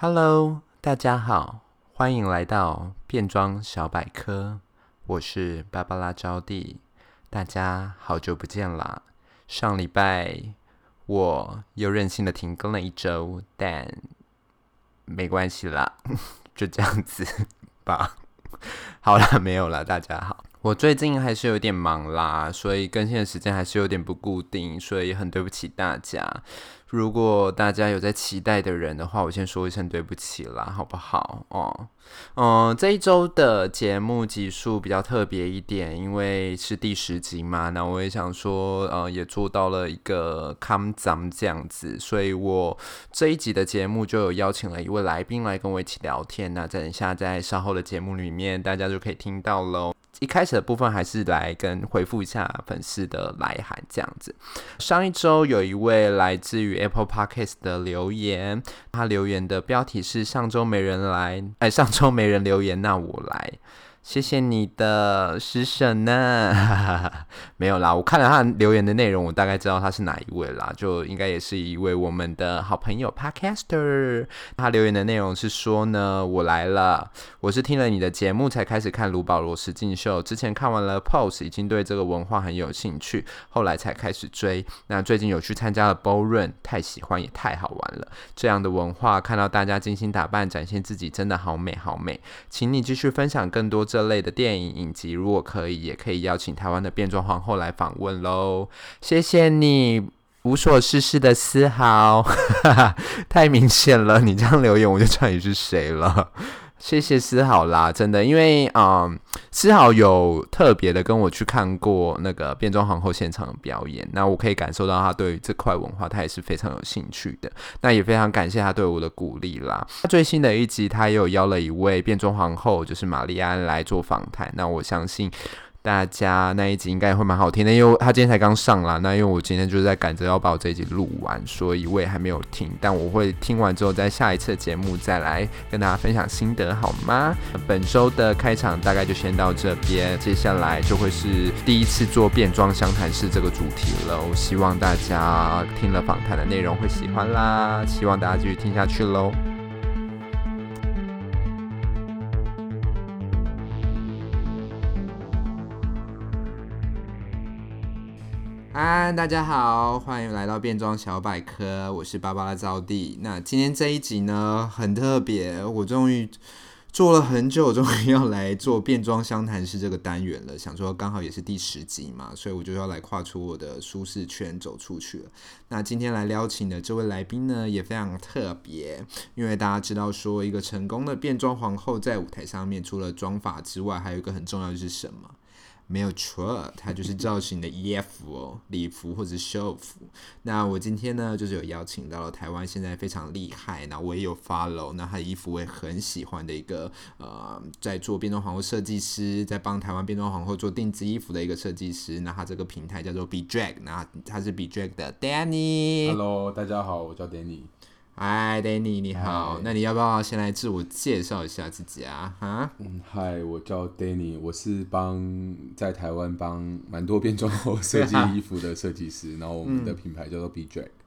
Hello，大家好，歡迎來到變裝小百科。我是芭芭拉招弟，大家好久不見啦！上禮拜我又任性的停更了一周，但沒關係啦，就這樣子吧。好啦，沒有啦，大家好，我最近還是有點忙啦，所以更新的時間還是有點不固定，所以很對不起大家。如果大家有在期待的人的話，我先說一聲對不起啦，好不好？哦，嗯，這一周的節目集數比較特別一點，因為是第十集嘛，那我也想說，呃、嗯，也做到了一個 come some 這樣子，所以我這一集的節目就有邀請了一位來賓來跟我一起聊天，那等一下在稍後的節目裡面，大家就可以聽到嘍。一開始的部分還是來跟回復一下粉絲的來函這樣子。上一周有一位來自於 Apple Podcast 的留言，他留言的標題是“上周沒人來，哎、欸，上周沒人留言，那我來”。謝謝你的施捨呢、啊，哈哈哈。沒有啦，我看了他留言的內容，我大概知道他是哪一位啦，就應該也是一位我們的好朋友 Podcaster。他留言的內容是說呢，我來了，我是聽了你的節目才開始看盧保羅實境秀，之前看完了 Pose，已經對這個文化很有興趣，後來才開始追。那最近有去參加了 Ball Run，太喜歡也太好玩了，這樣的文化，看到大家精心打扮展現自己，真的好美好美，請你繼續分享更多。這類的電影影集，如果可以，也可以邀請台灣的變裝皇後來訪問嘍。謝謝你無所事事的思豪， 太明顯了，你這樣留言我就知道你是誰了。謝謝思豪啦，真的，因為嗯，思豪有特別的跟我去看過那個變裝皇后現場的表演，那我可以感受到他對於這塊文化，他也是非常有興趣的。那也非常感謝他對我的鼓勵啦。他最新的一集，他又邀了一位變裝皇後，就是瑪麗安來做訪談。那我相信。大家那一集應該會蠻好聽的，因為他今天才剛上啦。那因為我今天就是在趕着要把我這一集錄完，所以我也還沒有聽。但我會聽完之後，在下一次節目再來跟大家分享心得，好嗎？本週的開場大概就先到這邊，接下來就會是第一次做變裝相談室這個主題了。我希望大家聽了訪談的內容會喜歡啦，希望大家繼續聽下去嘍。嗨，大家好，歡迎來到變裝小百科，我是芭芭拉招弟。那今天這一集呢，很特別，我終於做了很久，終於要來做變裝相談室這個單元了。想說剛好也是第十集嘛，所以我就要來跨出我的舒適圈，走出去了。那今天來邀請的這位來賓呢，也非常特別，因為大家知道說，一個成功的變裝皇後在舞台上面，除了妝髮之外，還有一個很重要的是什麼？沒有錯，它就是造型的衣服哦，禮 服或者秀服。那我今天呢，就是有邀請到了台灣現在非常厲害，那我也有 follow，那他的衣服我也很喜歡的一個呃，在做變裝皇后設計師，在幫台灣變裝皇後做定制衣服的一個設計師。那他這個平台叫做 Be Drag，那他是 Be Drag 的 Danny。Hello，大家好，我叫 Danny。嗨，Danny，你好，Hi. 那你要不要先來自我介紹一下自己啊？哈，嗯，嗨，我叫 Danny，我是幫在台灣幫蠻多變裝皇后設計衣服的設計師、 啊，然後我們的品牌叫做 Be Drag。嗯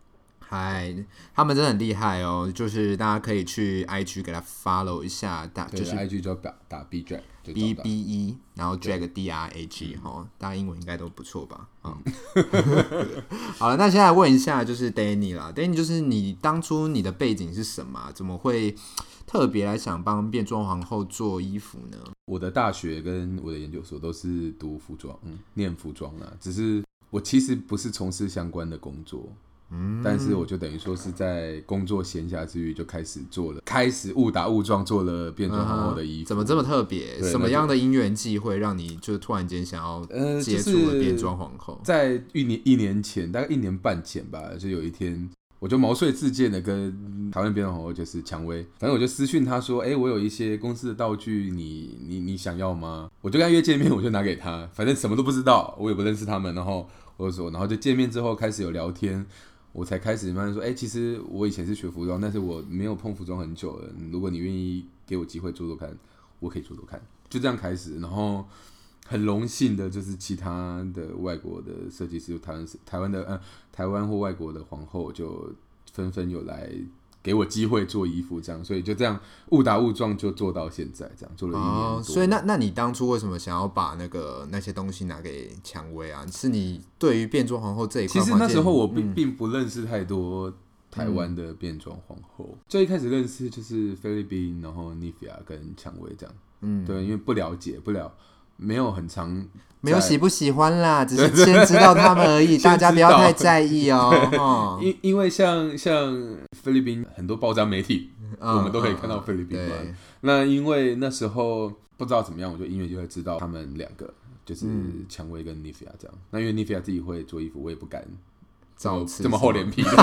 嗨，他們真的很厲害哦！就是大家可以去 IG 給他 follow 一下，打就是 IG 就打打 Be Drag B B E，然後 drag D R A G 哈、哦，大家英文應該都不錯吧？嗯， 好了，那現在來問一下，就是 Danny 啦 ，Danny 就是你當初你的背景是什麼、啊？怎麼會特別來想幫變裝皇後做衣服呢？我的大學跟我的研究所都是讀服裝、嗯，念服裝啦、啊。只是我其實不是從事相關的工作。嗯、但是我就等於說是在工作閒暇之餘就開始做了，開始誤打誤撞做了變裝皇後的衣服。啊、怎麼這麼特別？什麼樣的因緣際會讓你就突然間想要接觸了變裝皇后？呃就是、在一年一年前，大概一年半前吧，就有一天，我就毛遂自薦的跟台灣變裝皇後就是薔薇，反正我就私訊他說：“哎、欸，我有一些公司的道具，你你你想要嗎？”我就跟他約見面，我就拿給他。反正什麼都不知道，我也不認識他們。然後我就說，然後就見面之後開始有聊天。我才開始慢慢說，哎、欸，其實我以前是學服裝，但是我沒有碰服裝很久了。如果你願意給我機會做做看，我可以做做看，就這樣開始。然後很榮幸的，就是其他的外國的設計師、台灣台灣的嗯、呃、台灣或外國的皇後就紛紛有來，給我機會做衣服，這樣，所以就這樣誤打誤撞就做到現在，這樣做了一年多了、哦、所以那，那那你當初為什麼想要把那個那些東西拿給薔薇啊？是你對於變裝皇後這一塊，其實那時候我並、嗯、並不認識太多台灣的變裝皇後。最、嗯、開始認識就是菲律賓，然後尼菲亞跟薔薇這樣。嗯，對，因為不了解，不了。沒有很常，沒有喜不喜歡啦，只是先知道他們而已， 大家不要太在意哦。因、哦、因為像像菲律賓很多報章媒體、嗯，我們都可以看到菲律賓嘛、嗯嗯。那因為那時候不知道怎麼樣，我就因為就會知道他們兩個就是薔薇跟尼菲亞這樣、嗯。那因為尼菲亞自己會做衣服，我也不敢這麼這麼厚臉皮說：“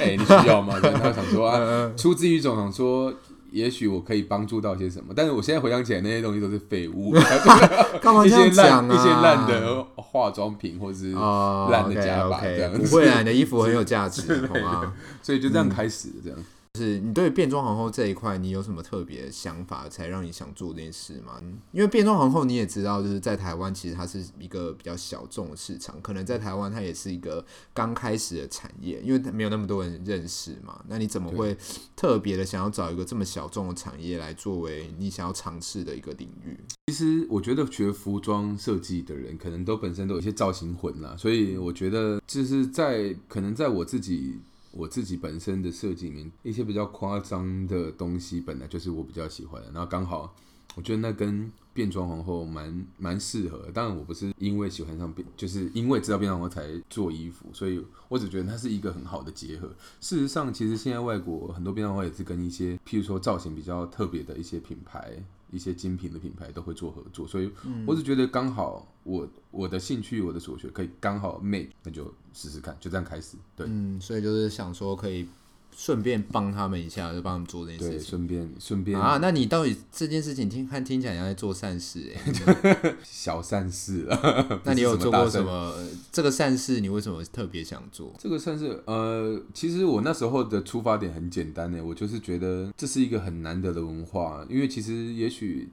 哎、 欸，你需要嗎？” 但他想說啊， 出自於一種想說。也許我可以幫助到一些什麼，但是我現在回想起來，那些東西都是廢物 幹嘛、啊，一些爛、一些爛的化妝品，或者是爛的夾板、oh, okay, okay.。不會爛的衣服很有價值，好嗎？所以就這樣開始，嗯、這樣。就是你對變裝皇後這一塊，你有什麼特別想法，才讓你想做這件事嗎？因為變裝皇后你也知道，就是在台灣，其實它是一個比較小眾的市場，可能在台灣它也是一個剛開始的產業，因為它沒有那麼多人認識嘛。那你怎麼會特別的想要找一個這麼小眾的產業來作為你想要嘗試的一個領域？其實我覺得學服裝設計的人，可能都本身都有些造型魂了，所以我覺得就是在可能在我自己。我自己本身的設計裡面一些比較誇張的東西，本來就是我比較喜歡的。然後剛好我覺得那跟變裝皇后蠻蠻適合。當然我不是因為喜歡上變，就是因為知道變裝皇后才做衣服，所以我只覺得它是一個很好的結合。事實上，其實現在外國很多變裝皇後也是跟一些譬如說造型比較特別的一些品牌。一些精品的品牌都會做合作，所以我是覺得剛好我、嗯、我的興趣、我的所學可以剛好 make，那就試試看，就這樣開始。對，嗯，所以就是想說可以。順便幫他們一下，就幫他們做這件事情。對，順便順便啊，那你到底這件事情聽看聽起來好像在做善事、欸， 小善事啊？ 那你有做過什麼這個善事？你為什麼特別想做這個善事？呃，其實我那時候的出發點很簡單呢、欸，我就是覺得這是一個很難得的文化，因為其實也許。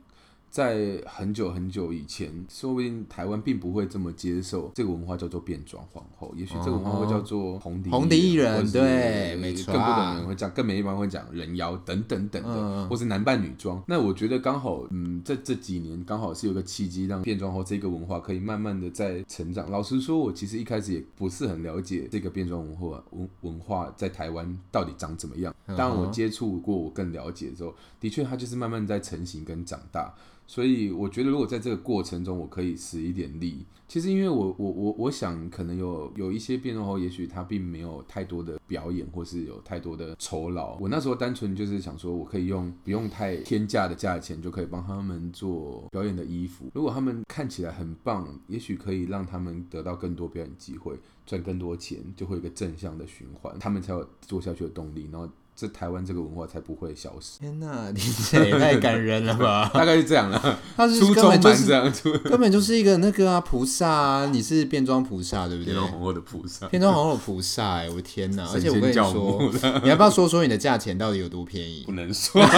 在很久很久以前，說不定台灣並不會這麼接受這個文化，叫做變裝皇後。也許這個文化會、嗯嗯、叫做紅頂紅頂藝人、啊對，對，沒錯、啊。更不等人會講，更沒一般會講人妖等等等，等、嗯、或是男扮女裝。那我覺得剛好，嗯，這這幾年剛好是有個契機，讓變裝後這個文化可以慢慢的在成長。老實說，我其實一開始也不是很了解這個變裝文化，文文化在台灣到底長怎麼樣。當我接觸過，我更了解的時候，的確，它就是慢慢在成型跟長大。所以我覺得，如果在這個過程中，我可以使一點力。其實，因為我我我我想，可能有有一些變裝皇後，也許他並沒有太多的表演，或是有太多的酬勞。我那時候單純就是想說，我可以用不用太天價的價錢，就可以幫他們做表演的衣服。如果他們看起來很棒，也許可以讓他們得到更多表演機會，賺更多錢，就會有一個正向的循環，他們才有做下去的動力，然後。這台灣這個文化才不會消失。天哪，你這也太感人了吧！ 大概是這樣了，他 是根本就是 根本就是一個那個啊菩薩，啊，你是變裝菩薩對不對？變裝皇後的菩薩，變裝皇後的菩薩，哎，我的天哪！而且我跟你說， 你要不要說說你的價錢到底有多便宜？不能說。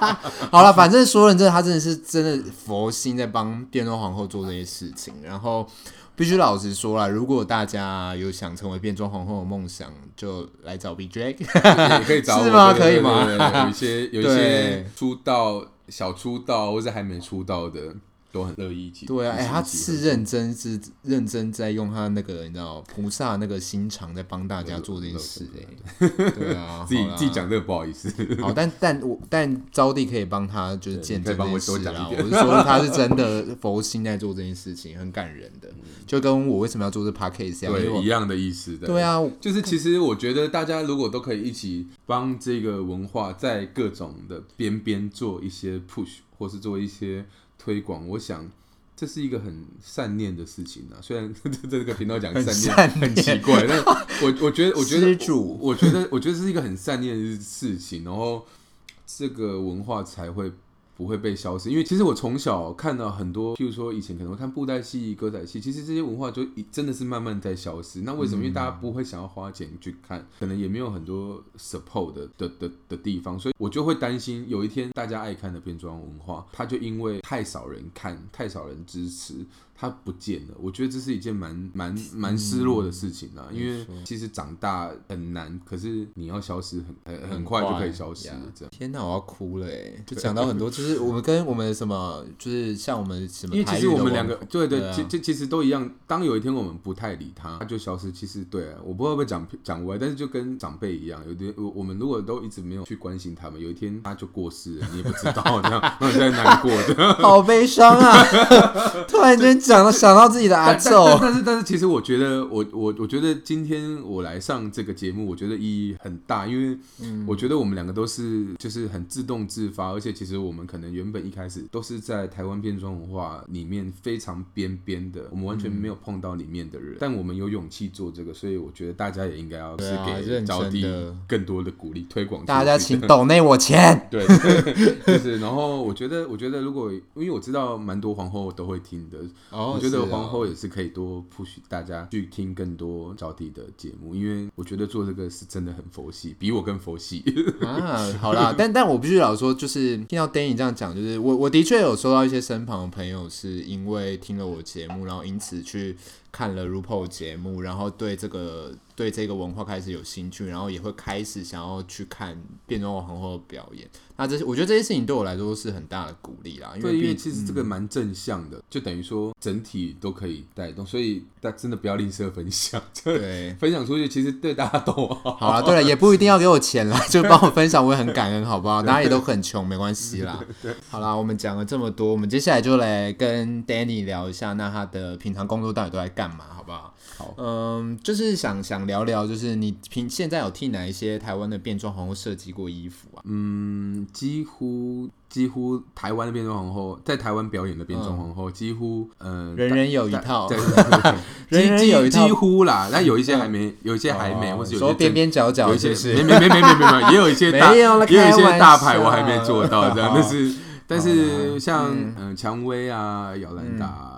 好了，反正說了，這，他真的是真的佛心在幫變裝皇後做這些事情，然後。必須老實說啦，如果大家有想成為變裝皇後的夢想，就來找 Be Drag， 可以找我，對是嗎？可以嗎？有一些有一些出道、小出道或者還沒出道的。都很樂意，對啊，哎、欸，他是認真，嗯、是認真在用他那個你知道菩薩那個心腸在幫大家做這件事，哎，對啊，自己自己講這個不好意思，好，但但我但招弟可以幫他就是建，再幫我多講一點，我是說他是真的佛心在做這件事情， 很感人的，就跟我為什麼要做這 podcast 一樣的意思的，對啊，對啊，就是其實我覺得大家如果都可以一起幫這個文化在各種的邊邊做一些 push 或是做一些。推廣，我想這是一個很善念的事情啊。雖然這個頻道講善念，很，善念很奇怪，但我我覺得，我覺得主，我覺得，我覺得是一個很善念的事情，然後這個文化才會。不會被消失，因為其實我從小看到很多，譬如說以前可能會看布袋戲、歌仔戲，其實這些文化就真的是慢慢在消失。那為什麼？因為大家不會想要花錢去看，嗯、可能也沒有很多 support 的的的，的地方，所以我就會擔心，有一天大家愛看的變裝文化，它就因為太少人看，太少人支持。他不見了，我覺得這是一件蠻蠻蠻失落的事情啊、嗯，因為其實長大很難，可是你要消失很很快就可以消失了。這樣，天哪，我要哭了哎！就講到很多，就是我們跟我們什麼，就是像我們什麼，因為其實我們兩個，對對，對，其其實都一樣。當有一天我們不太理他，他就消失。其實對、啊、我不會不會講講歪，但是就跟長輩一樣，有點，我我們如果都一直沒有去關心他們，有一天他就過世了，你也不知道這樣，我 就在難過的， 好悲傷傷啊！ 突然間。 想到想到自己的阿愁，但是但是其實我覺得我我我覺得今天我來上這個節目，我覺得意義很大，因為我覺得我們兩個都是就是很自動自發，而且其實我們可能原本一開始都是在台灣變裝文化裡面非常邊邊的，我們完全沒有碰到裡面的人，嗯、但我們有勇氣做這個，所以我覺得大家也應該要是給招弟，更多的鼓勵、啊、的推廣。大家請抖內我錢，對， 就是然後我覺得我覺得如果因為我知道蠻多皇後都會聽的。哦 Oh, 我覺得皇後也是可以多 push 大家去聽更多招弟的節目，因為我覺得做這個是真的很佛系，比我更佛系。 啊，好啦，但但我必須老實說，就是聽到 Danny 這樣講，就是我我的確有收到一些身旁的朋友是因為聽了我節目，然後因此去。看了 RuPaul 節目，然後對這個對這個文化開始有興趣，然後也會開始想要去看變裝皇後表演。那這些我覺得這些事情對我來說是很大的鼓勵啦，因為，因為其實這個蠻正向的，嗯，就等於說整體都可以帶動，所以大家真的不要吝嗇分享，對， 分享出去其實對大家都好。啊，好了，對了，也不一定要給我錢啦，就幫我分享， 我也很感恩，好不好？大家也都很窮，沒關係啦。對，對，對，對，好啦，我們講了這麼多，我們接下來就來跟 Danny 聊一下，那他的平常工作到底都在幹。幹嘛？好不好？好，嗯，就是想想聊聊，就是你平現在有替哪一些台灣的變裝皇后設計過衣服啊？嗯，幾乎幾乎台灣的變裝皇後在台灣表演的變裝皇後，幾乎嗯、呃，人人有一套， 對對對對 人人有一套，幾，幾,幾乎啦。那有一些還沒、嗯，有一些還沒，或是有些邊邊角角，有一些還沒、哦、是些邊邊角角、就是、一些沒沒沒沒沒也有一些大 有也有一些大牌我還沒做到這樣， 但是但是像嗯，薔、嗯、薇啊，姚蘭達、啊。嗯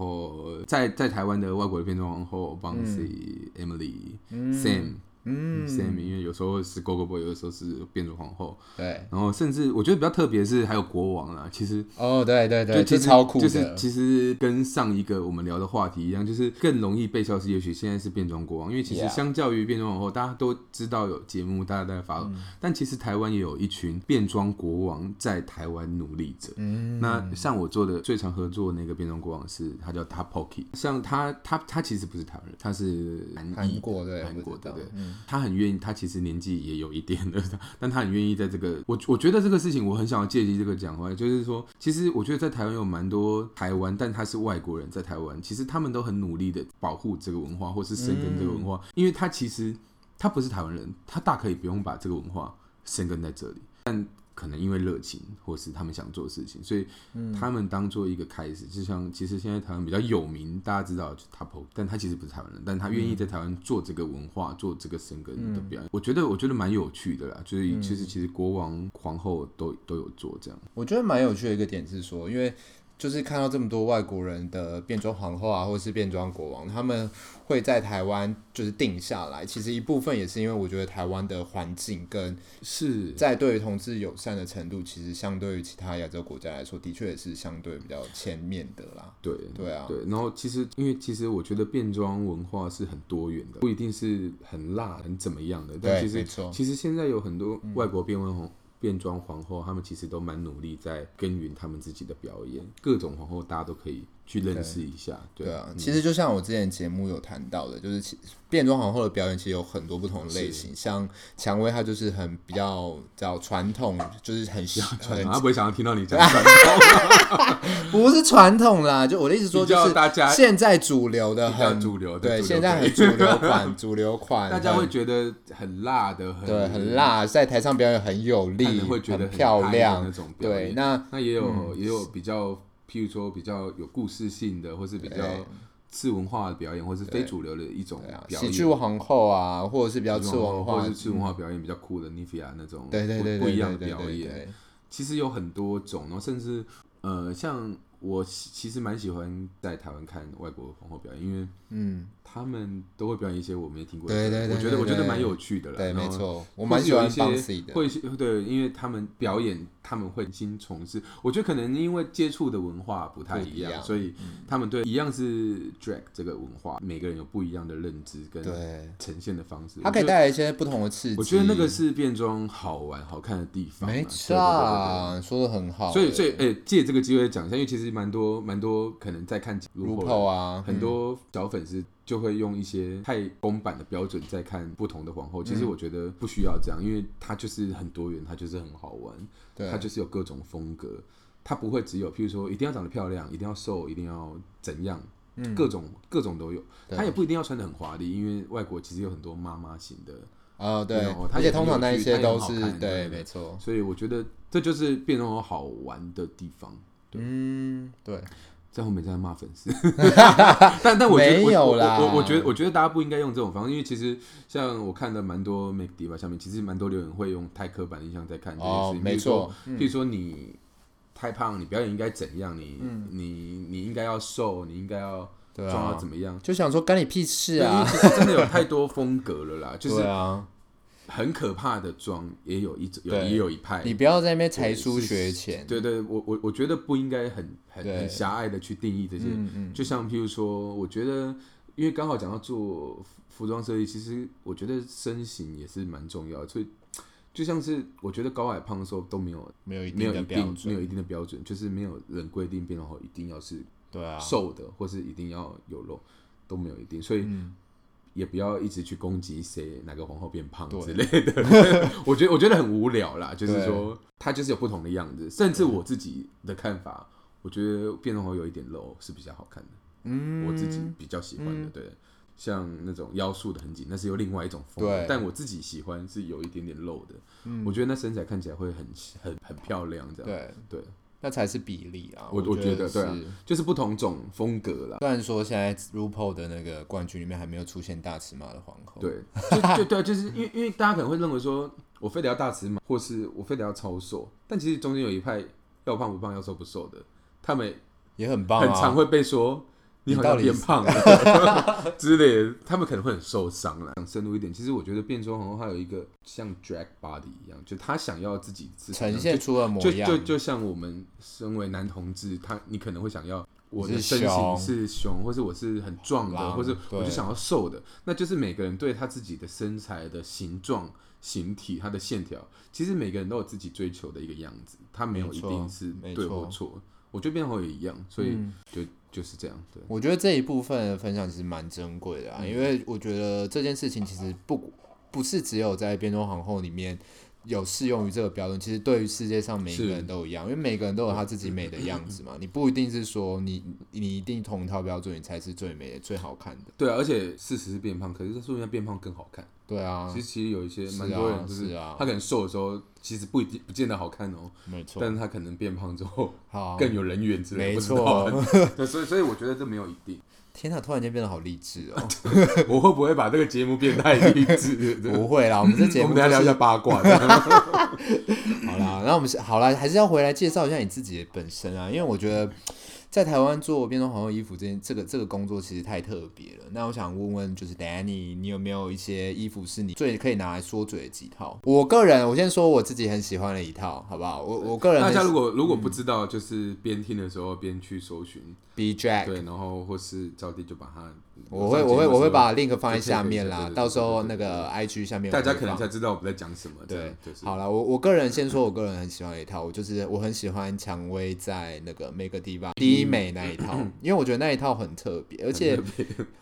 後，在在台灣的外國的片中，後 Bouncy Emily、嗯、Sam。嗯，Sammy、嗯、因為有時候是 Gogo Boy，有的時候是變裝皇後，對，然後甚至我覺得比較特別是還有國王啦。其實哦，對對對，其實這超酷的。就是其實跟上一個我們聊的話題一樣，就是更容易被消失。也許現在是變裝國王，因為其實相較於變裝皇後，大家都知道有節目，大家都在發、嗯。但其實台灣也有一群變裝國王在台灣努力着。嗯，那像我做的最常合作那個變裝國王是他叫 Tapoki 像他他他,他其實不是台灣人，他是韓國對韓國的對。嗯他很願意，他其實年紀也有一點了，但他很願意在這個。我我覺得這個事情，我很想要借機這個講話，就是說，其實我覺得在台灣有蠻多台灣，但他是外國人在台灣，其實他們都很努力的保護這個文化或是深耕這個文化，嗯、因為他其實他不是台灣人，他大可以不用把這個文化深耕在這裡，但。可能因為熱情，或是他們想做事情，所以、嗯、他們當做一個開始。就像其實現在台灣比較有名，大家知道 Tapo 但他其實不是台灣人，但他願意在台灣做這個文化，嗯、做這個聲根的表演。嗯、我覺得我覺得蠻有趣的啦。所以其實、嗯、其實國王皇後都都有做這樣。我覺得蠻有趣的一個點是說，因為。就是看到這麼多外國人的變裝皇後啊，或者是變裝國王，他們會在台灣就是定下來。其實一部分也是因為我覺得台灣的環境跟是在對同志友善的程度，其實相對於其他亞洲國家來說，的確也是相對比較前面的啦。對對啊，對。然後其實因為其實我覺得變裝文化是很多元的，不一定是很辣很怎麼樣的。但其實沒錯。其實現在有很多外國變文紅。嗯嗯變裝皇後，他們其實都蠻努力，在耕耘他們自己的表演。各種皇後，大家都可以，去認識一下，對，對，對啊，其實就像我之前節目有談到的，就是其變裝皇後的表演其實有很多不同的類型，像薔薇，他就是很比較叫傳統，就是很統他、啊、不會想要聽到你講傳統， 不是傳統啦，就我的意思說就是大家現在主流的很主流，對，現在很主流款，主流款， 主流款大家會覺得很辣的很，對，很辣，在台上表演很有力，會覺得很得漂亮對，那、嗯、那也有也有比較。譬如說，比較有故事性的，或是比較次文化的表演，或是非主流的一種表演，啊、喜劇皇後啊，或者是比較次文化、次文化表演比較酷的 Nia 那種，對，不一樣的表演，其實有很多種。然後，甚至呃，像我其實蠻喜歡在台灣看外國皇後表演，因為嗯。他們都會表演一些我沒聽過的，對對對，對對對，我覺得我覺得蠻有趣的了。對沒錯，沒錯，我蠻喜歡一些會，對，因為他們表演，他們會新嘗試。我覺得可能因為接觸的文化不太一樣，一樣，所以、嗯、他們對一樣是 drag 這個文化，每個人有不一樣的認知跟呈現的方式，它可以帶來一些不同的刺激。我覺得那個是變裝好玩好看的地方、啊，沒錯、啊，說得很好。所以，所以，哎、欸，借這個機會講一下，因為其實蠻多蠻多可能在看如果、RuPaul、啊，很多小粉絲、嗯。就會用一些太公版的標準在看不同的皇後，其實我覺得不需要這樣，嗯、因為她就是很多元，她就是很好玩，她就是有各種風格，她不會只有，譬如說一定要長得漂亮，一定要瘦，一定要怎樣，嗯、各種各種都有，她也不一定要穿得很華麗，因為外國其實有很多媽媽型的，哦對，而且通常那一些都是對、對、對，沒錯，所以我覺得這就是變裝好玩的地方，嗯，對。在後面在罵粉絲， 但但我覺得沒有啦，我我，我，我覺得我覺得大家不應該用這種方式，因為其實像我看的蠻多 make up 吧，下面其實蠻多留言會用太刻板印象在看這件事，哦、沒錯，比如說、嗯、比如說你太胖，你表演應該怎樣？你、嗯、你你應該要瘦，你應該要妝要怎麼樣、啊？就想說幹你屁事啊！其實真的有太多風格了啦， 就是對啊。很可怕的妝也有一種有，也有一派。你不要在那邊才疏學淺。對對，對對，我我我覺得不應該很很狹隘的去定義這些。嗯嗯。就像譬如說，我覺得因為剛好講到做服裝設計，其實我覺得身形也是蠻重要的。所以就像是我覺得高矮胖瘦都沒有沒有一定沒有一定，沒有一定的標準，就是沒有人規定變好一定要是，對啊，瘦的或是一定要有肉都沒有一定，所以。嗯也不要一直去攻擊誰哪個皇后變胖之類的， 我覺得我覺得很無聊啦。就是說他就是有不同的樣子，甚至我自己的看法，我覺得變容後有一點露是比較好看的，嗯，我自己比較喜歡的。對，嗯、像那種腰束的很緊，那是有另外一種風格，但我自己喜歡是有一點點露的。嗯，我覺得那身材看起來會很很很漂亮，這樣對對。對那才是比例啊！我我覺得，我覺得是對啊，就是不同種風格啦。雖然說現在 RuPaul 的那個冠軍裡面還沒有出現大尺碼的皇後，對， 就，就對啊，就是因為 因為大家可能會認為說，我非得要大尺碼，或是我非得要超瘦，但其實中間有一派要胖不胖，要瘦不瘦的，他們也很棒啊，很常會被說。你好像變胖了 之類的，他們可能會很受傷了。想深入一點，其實我覺得變裝皇後還有一個像 drag body 一樣，就他想要自己是呈現出的模樣，就就，就，就像我們身為男同志，他你可能會想要我的身形是熊，是熊或是我是很壯的，或是我就想要瘦的，那就是每個人對他自己的身材的形狀、形體、他的線條，其實每個人都有自己追求的一個樣子，他沒有一定是對或錯。我覺得變裝也一樣，所以就。嗯就是這樣，對。我覺得這一部分的分享其實蠻珍貴的啊，嗯，因為我覺得這件事情其實不不是只有在《變裝皇後》裡面。有適用於這個標準，其實對於世界上每一個人都一樣，因為每個人都有他自己美的樣子嘛。你不一定是說你你一定同一套標準，你才是最美的、最好看的。對啊，而且事實是變胖，可是說明他變胖更好看。對啊，其實其實有一些蠻多人就是，是啊，是啊，他可能瘦的時候，其實不一定，不見得好看哦，沒錯。但是他可能變胖之後，更有人緣之類，沒錯。 對，所以所以我覺得這沒有一定。天吶、啊，突然間變得好勵志哦！ 我會不會把這個節目變太勵志？ 不會啦，我們這節目、就是、我們還聊一下八卦。 好啦，那我們好了，還是要回來介紹一下你自己的本身啊，因為我覺得在台灣做變裝皇后衣服這件這個這個工作其實太特別了。那我想問問，就是 Danny，你，你有沒有一些衣服是你最可以拿來說嘴的幾套？我個人，我先說我自己很喜歡的一套，好不好？我我個人，那大家如果如果不知道，嗯、就是邊聽的時候邊去搜尋。DJ 對，然後或是招弟就把它，我會我會我會把 link 放在下面啦，對對對對對對，到時候那個 IG 下面，對對對對，大家可能才知道我們在講什麼。對，就是、好了，我我個人先說我個人很喜歡一套，我就是我很喜歡薔薇在那個每個地方第一美那一套， 因為我覺得那一套很特別，而且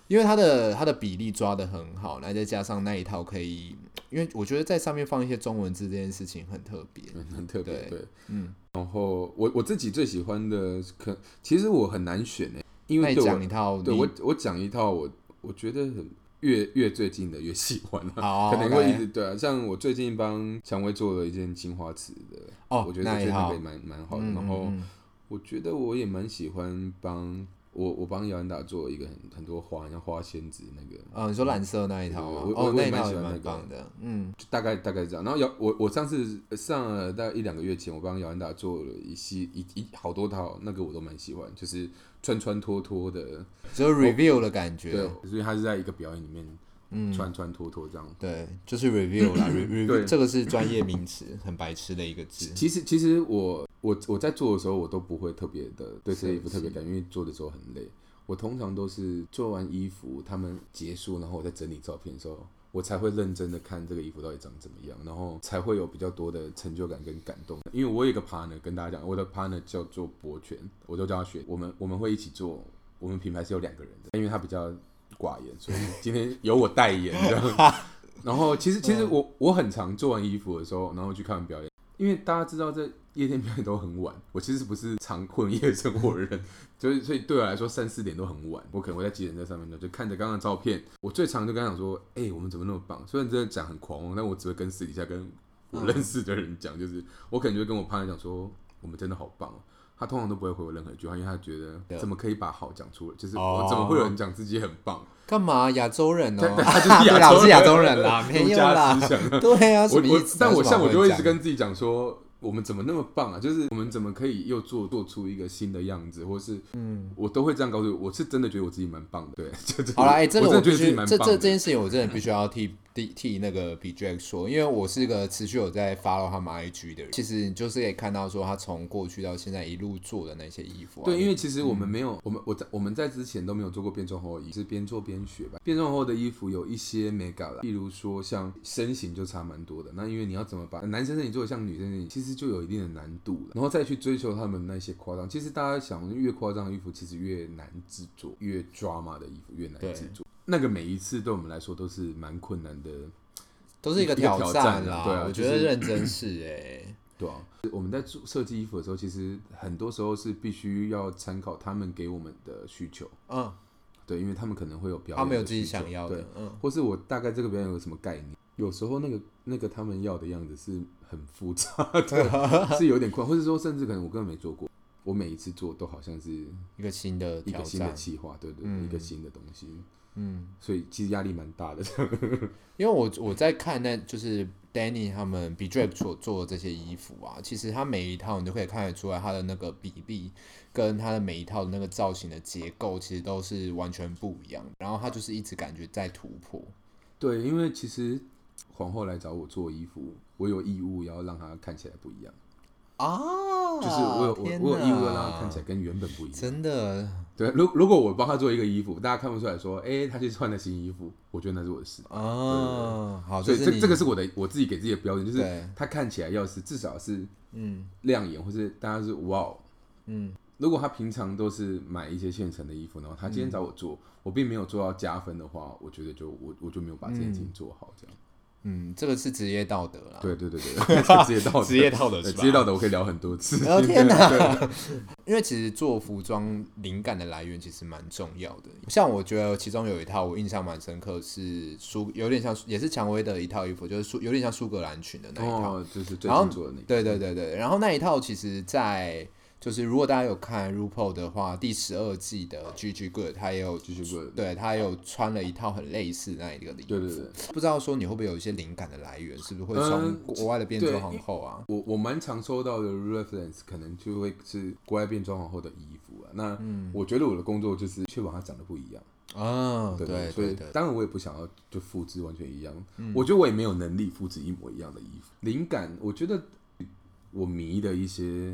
因為它的它的比例抓得很好，然後再加上那一套可以。因為我覺得在上面放一些中文字這件事情很特別、嗯，很特別，對，嗯。然後我我自己最喜歡的可，可其實我很難選呢，因為就講一套，對我我講一套我，我我覺得很越越最近的越喜歡了、啊，可能會一直、okay、對啊。像我最近幫薔薇做了一件青花瓷的，哦，我覺得這件可以蠻蠻好的。然後我覺得我也蠻喜歡幫。我我幫姚安達做了一個很很多花，像花仙子那個。啊、哦，你說藍色那一套我我？哦，我也蠻喜歡、那個，那一套蠻棒的，嗯。就大概大概這樣。然後姚，我我上次上了大概一兩個月前，我幫姚安達做了一些，一一好多套，那個我都蠻喜歡，就是穿穿脫脫的，只有 reveal 的感覺。對，所以他是在一個表演裡面穿穿脫脫這樣、嗯。對，就是 reveal 啦 re，reveal，這個是專業名詞，很白痴的一個詞。其實其實我。我我在做的時候，我都不會特別的對這衣服特別感，因為做的時候很累。我通常都是做完衣服，他們結束，然後我在整理照片的時候，我才會認真的看這個衣服到底長怎麼樣，然後才會有比較多的成就感跟感動。因為我有一個 partner 跟大家講，我的 partner 叫做博全，我都叫他學。我們我們會一起做，我們品牌是有兩個人的，但因為他比較寡言，所以今天由我代言這樣。然後，然後其實其實我我很常做完衣服的時候，然後去看表演，因為大家知道這。夜店表演都很晚，我其實不是常混夜生活的人，所以對我來說三四點都很晚，我可能會在計程車在上面呢，就看着剛剛的照片，我最常就跟他講說，哎、欸，我們怎麼那麼棒？雖然這樣講很狂妄，但我只會跟私底下跟我認識的人講、嗯，就是我可能就會跟我 partner 講說，我們真的好棒。他通常都不會回我任何一句話，因為他覺得怎麼可以把好講出來，就是我怎麼會有人講自己很棒？幹、哦，就是、嘛？亞洲人呢、哦？他就是亞洲人、啊啊啦，是亞洲人啊啊、啦，沒有啦。想啊對啊，啊我我但我像我就會一直跟自己講說。我們怎麼那麼棒啊？就是我們怎麼可以又做做出一個新的樣子，或是嗯，我都會這樣告訴。我是真的覺得我自己蠻棒的，對，就這個。好啦，哎、欸，這個、我我真的覺得自己蠻棒的，我必須，這這這件事情我真的必須要替。 替那個 Be Drag 說，因為我是個持續有在 follow 他們 IG 的人，其實就是可以看到說他從過去到現在一路做的那些衣服、啊。對，因為其實我們沒有，嗯、我們我在我,我們在之前都沒有做過變裝後衣，是邊做邊學吧。變裝後的衣服有一些美感的，比如說像身形就差蠻多的。那因為你要怎麼把男生身形做的像女生身形，其實就有一定的難度了。然後再去追求他們那些誇張，其實大家想越誇張的衣服，其實越難製作，越抓馬的衣服越難製作。那個每一次對我們來說都是蠻困難的，都是一個挑戰啦。對我覺得認真是哎、欸。對啊，我們在做設計衣服的時候，其實很多時候是必須要參考他們給我們的需求。嗯，對，因為他們可能會有表演，他們沒有自己想要的，嗯，或是我大概這個表演有什麼概念。有時候那個那個他們要的樣子是很複雜的，嗯、 對，是有點困難，或是說甚至可能我根本沒做過。我每一次做都好像是一個新的、嗯、一個新的計劃，對對、對、嗯，一個新的東西。嗯，所以其實壓力蠻大的呵呵，因為我我在看那，就是 Danny 他們 Be Drag 所做的這些衣服啊，其實他每一套你都可以看得出來，他的那個比例跟他的每一套的那個造型的結構，其實都是完全不一樣的。然後他就是一直感覺在突破。對，因為其實皇後來找我做衣服，我有義務要讓他看起來不一樣啊，就是我有我我有義務要讓他看起來跟原本不一樣，真的。對，如如果我幫他做一個衣服，大家看不出來，說，哎、欸，他就是換了新衣服，我覺得那是我的事。哦，對對對，好，所以這這，這個是我的我自己給自己的標準，就是他看起來要是至少是嗯亮眼，嗯，或是大家是哇哦？嗯，如果他平常都是買一些現成的衣服，然後他今天找我做，嗯、我並沒有做到加分的話，我覺得就我我就沒有把這件事情做好，嗯、這樣。嗯，這個是職業道德啦。對對對對，職業道德， 職業道德是吧？職業道德我可以聊很多次。哦 對，天哪，對！因為其實做服裝靈感的來源其實蠻重要的。像我覺得其中有一套我印象蠻深刻的是，是蘇有點像也是薔薇的一套衣服，就是蘇有點像蘇格蘭裙的那一套，就、哦、是最然後做的對對對對，然後那一套其實，在。就是如果大家有看 RuPaul 的話，第十二季的 Gigi Goode，他也有 Gigi Goode， 對他也有穿了一套很類似那一個的衣服。對對對，不知道說你會不會有一些靈感的來源，是不是會從國外的變裝皇後啊？嗯、我我蠻常收到的 reference，可能就會是國外變裝皇後的衣服啊。那我覺得我的工作就是確保它長得不一樣啊、嗯。對對對，對，當然我也不想要就複製完全一樣、嗯，我覺得我也沒有能力複製一模一樣的衣服。靈感，我覺得我迷的一些。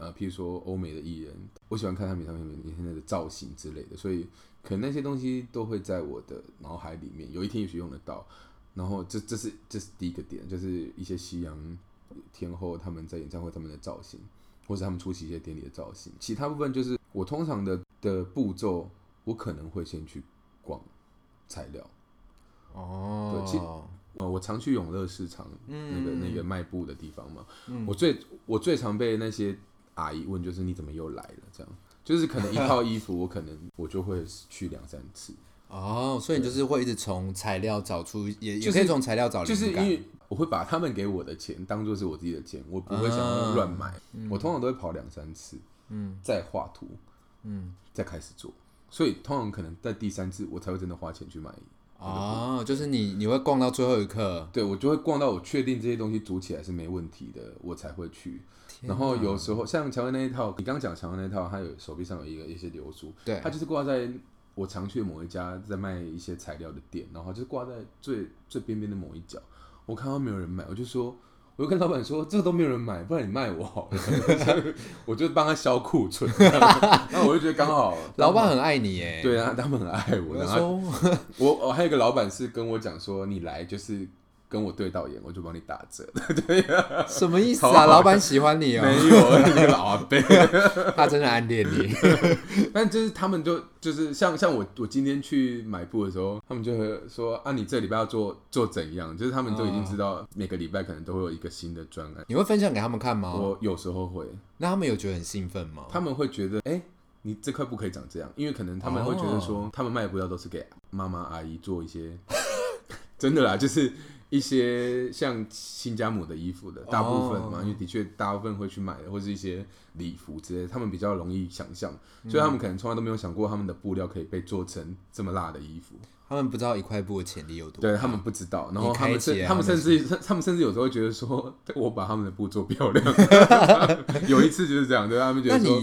呃，譬如說歐美的藝人，我喜歡看他們演唱會裡面的造型之類的，所以可能那些東西都會在我的腦海裡面，有一天也許用得到。然後這這是這是第一個點，就是一些西洋天後他們在演唱會他們的造型，或者他們出席一些典禮的造型。其他部分就是我通常的的步驟，我可能會先去逛材料哦，對，其實我，我常去永樂市場那個、嗯、那個賣布的地方嘛，嗯、我最我最常被那些，阿姨問就是你怎麼又來了？這樣，就是可能一套衣服我可能我就會去兩三次 哦，所以你就是會一直從材料找出也，就是也可以從材料找。就是因為我會把他們給我的錢當做是我自己的錢，我不會想要亂買，啊，我通常都會跑兩三次，嗯，再畫圖，嗯，再開始做，所以通常可能在第三次我才會真的花錢去買。哦，就是你你會逛到最後一刻，對我就會逛到我確定這些東西組起來是沒問題的，我才會去。然後有時候像喬恩那一套，嗯、你剛剛講喬恩那一套，他有手臂上有一個一些流蘇，對，他就是掛在我常去的某一家在賣一些材料的店，然後就是掛在最最邊邊的某一角，我看到沒有人買，我就說，我就跟老板說，這個、都沒有人買，不然你賣我好了， 我就幫他銷庫存， 然後我就覺得剛好， 老板很愛你耶，對啊，他們很愛我，我然後 我我還有一個老板是跟我講說，你來就是。跟我對到眼，我就幫你打折。對呀、啊，什麼意思啊？老闆喜歡你哦、喔。沒有，你 個老阿伯， 他真的暗戀你。 但就是他們就就是像像我，我今天去買布的時候，他們就會說啊，你這禮拜要做做怎樣？就是他們就已經知道每個禮拜可能都會有一個新的專案。你會分享給他們看嗎？我有時候會。那他們有覺得很興奮嗎？他們會覺得，哎、欸，你這塊布可以長這樣，因為可能他們會覺得說，哦、他們賣布料都是給媽媽阿姨做一些。真的啦，就是一些像親家母的衣服的大部分嘛，哦、因為的確大部分會去買的，或是一些禮服之類的，他們比較容易想象、嗯，所以他們可能從來都沒有想過他們的布料可以被做成這麼辣的衣服。他們不知道一塊布的潛力有多大，對他們不知道。然後他們，啊，他們，他們甚至，他們甚至有時候會覺得說，我把他們的布做漂亮。 有一次就是這樣，對，他們覺得說。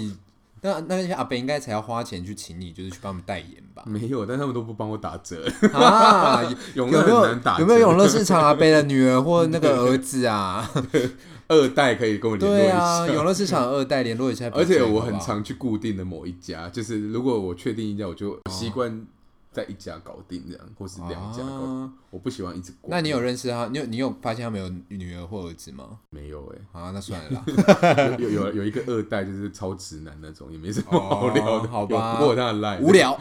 那那些阿伯應該才要花錢去請你，就是去幫他們代言吧？沒有，但他們都不幫我打折。 啊，有沒有有沒有永樂市場阿伯的女兒或那個兒子啊？ 二代可以跟我聯絡一下。永樂市場二代聯絡一下。而且我很常去固定的某一家，就是如果我確定一家，我就習慣，哦。在一家搞定這樣，或是兩家搞定，啊。我不喜歡一直。那你有認識他？你有你有發現他沒有女兒或兒子嗎？沒有哎、欸，好，啊，那算了啦。 有有有一個二代，就是超直男那種，也沒什麼好聊的，哦、好吧？不過他很賴無聊。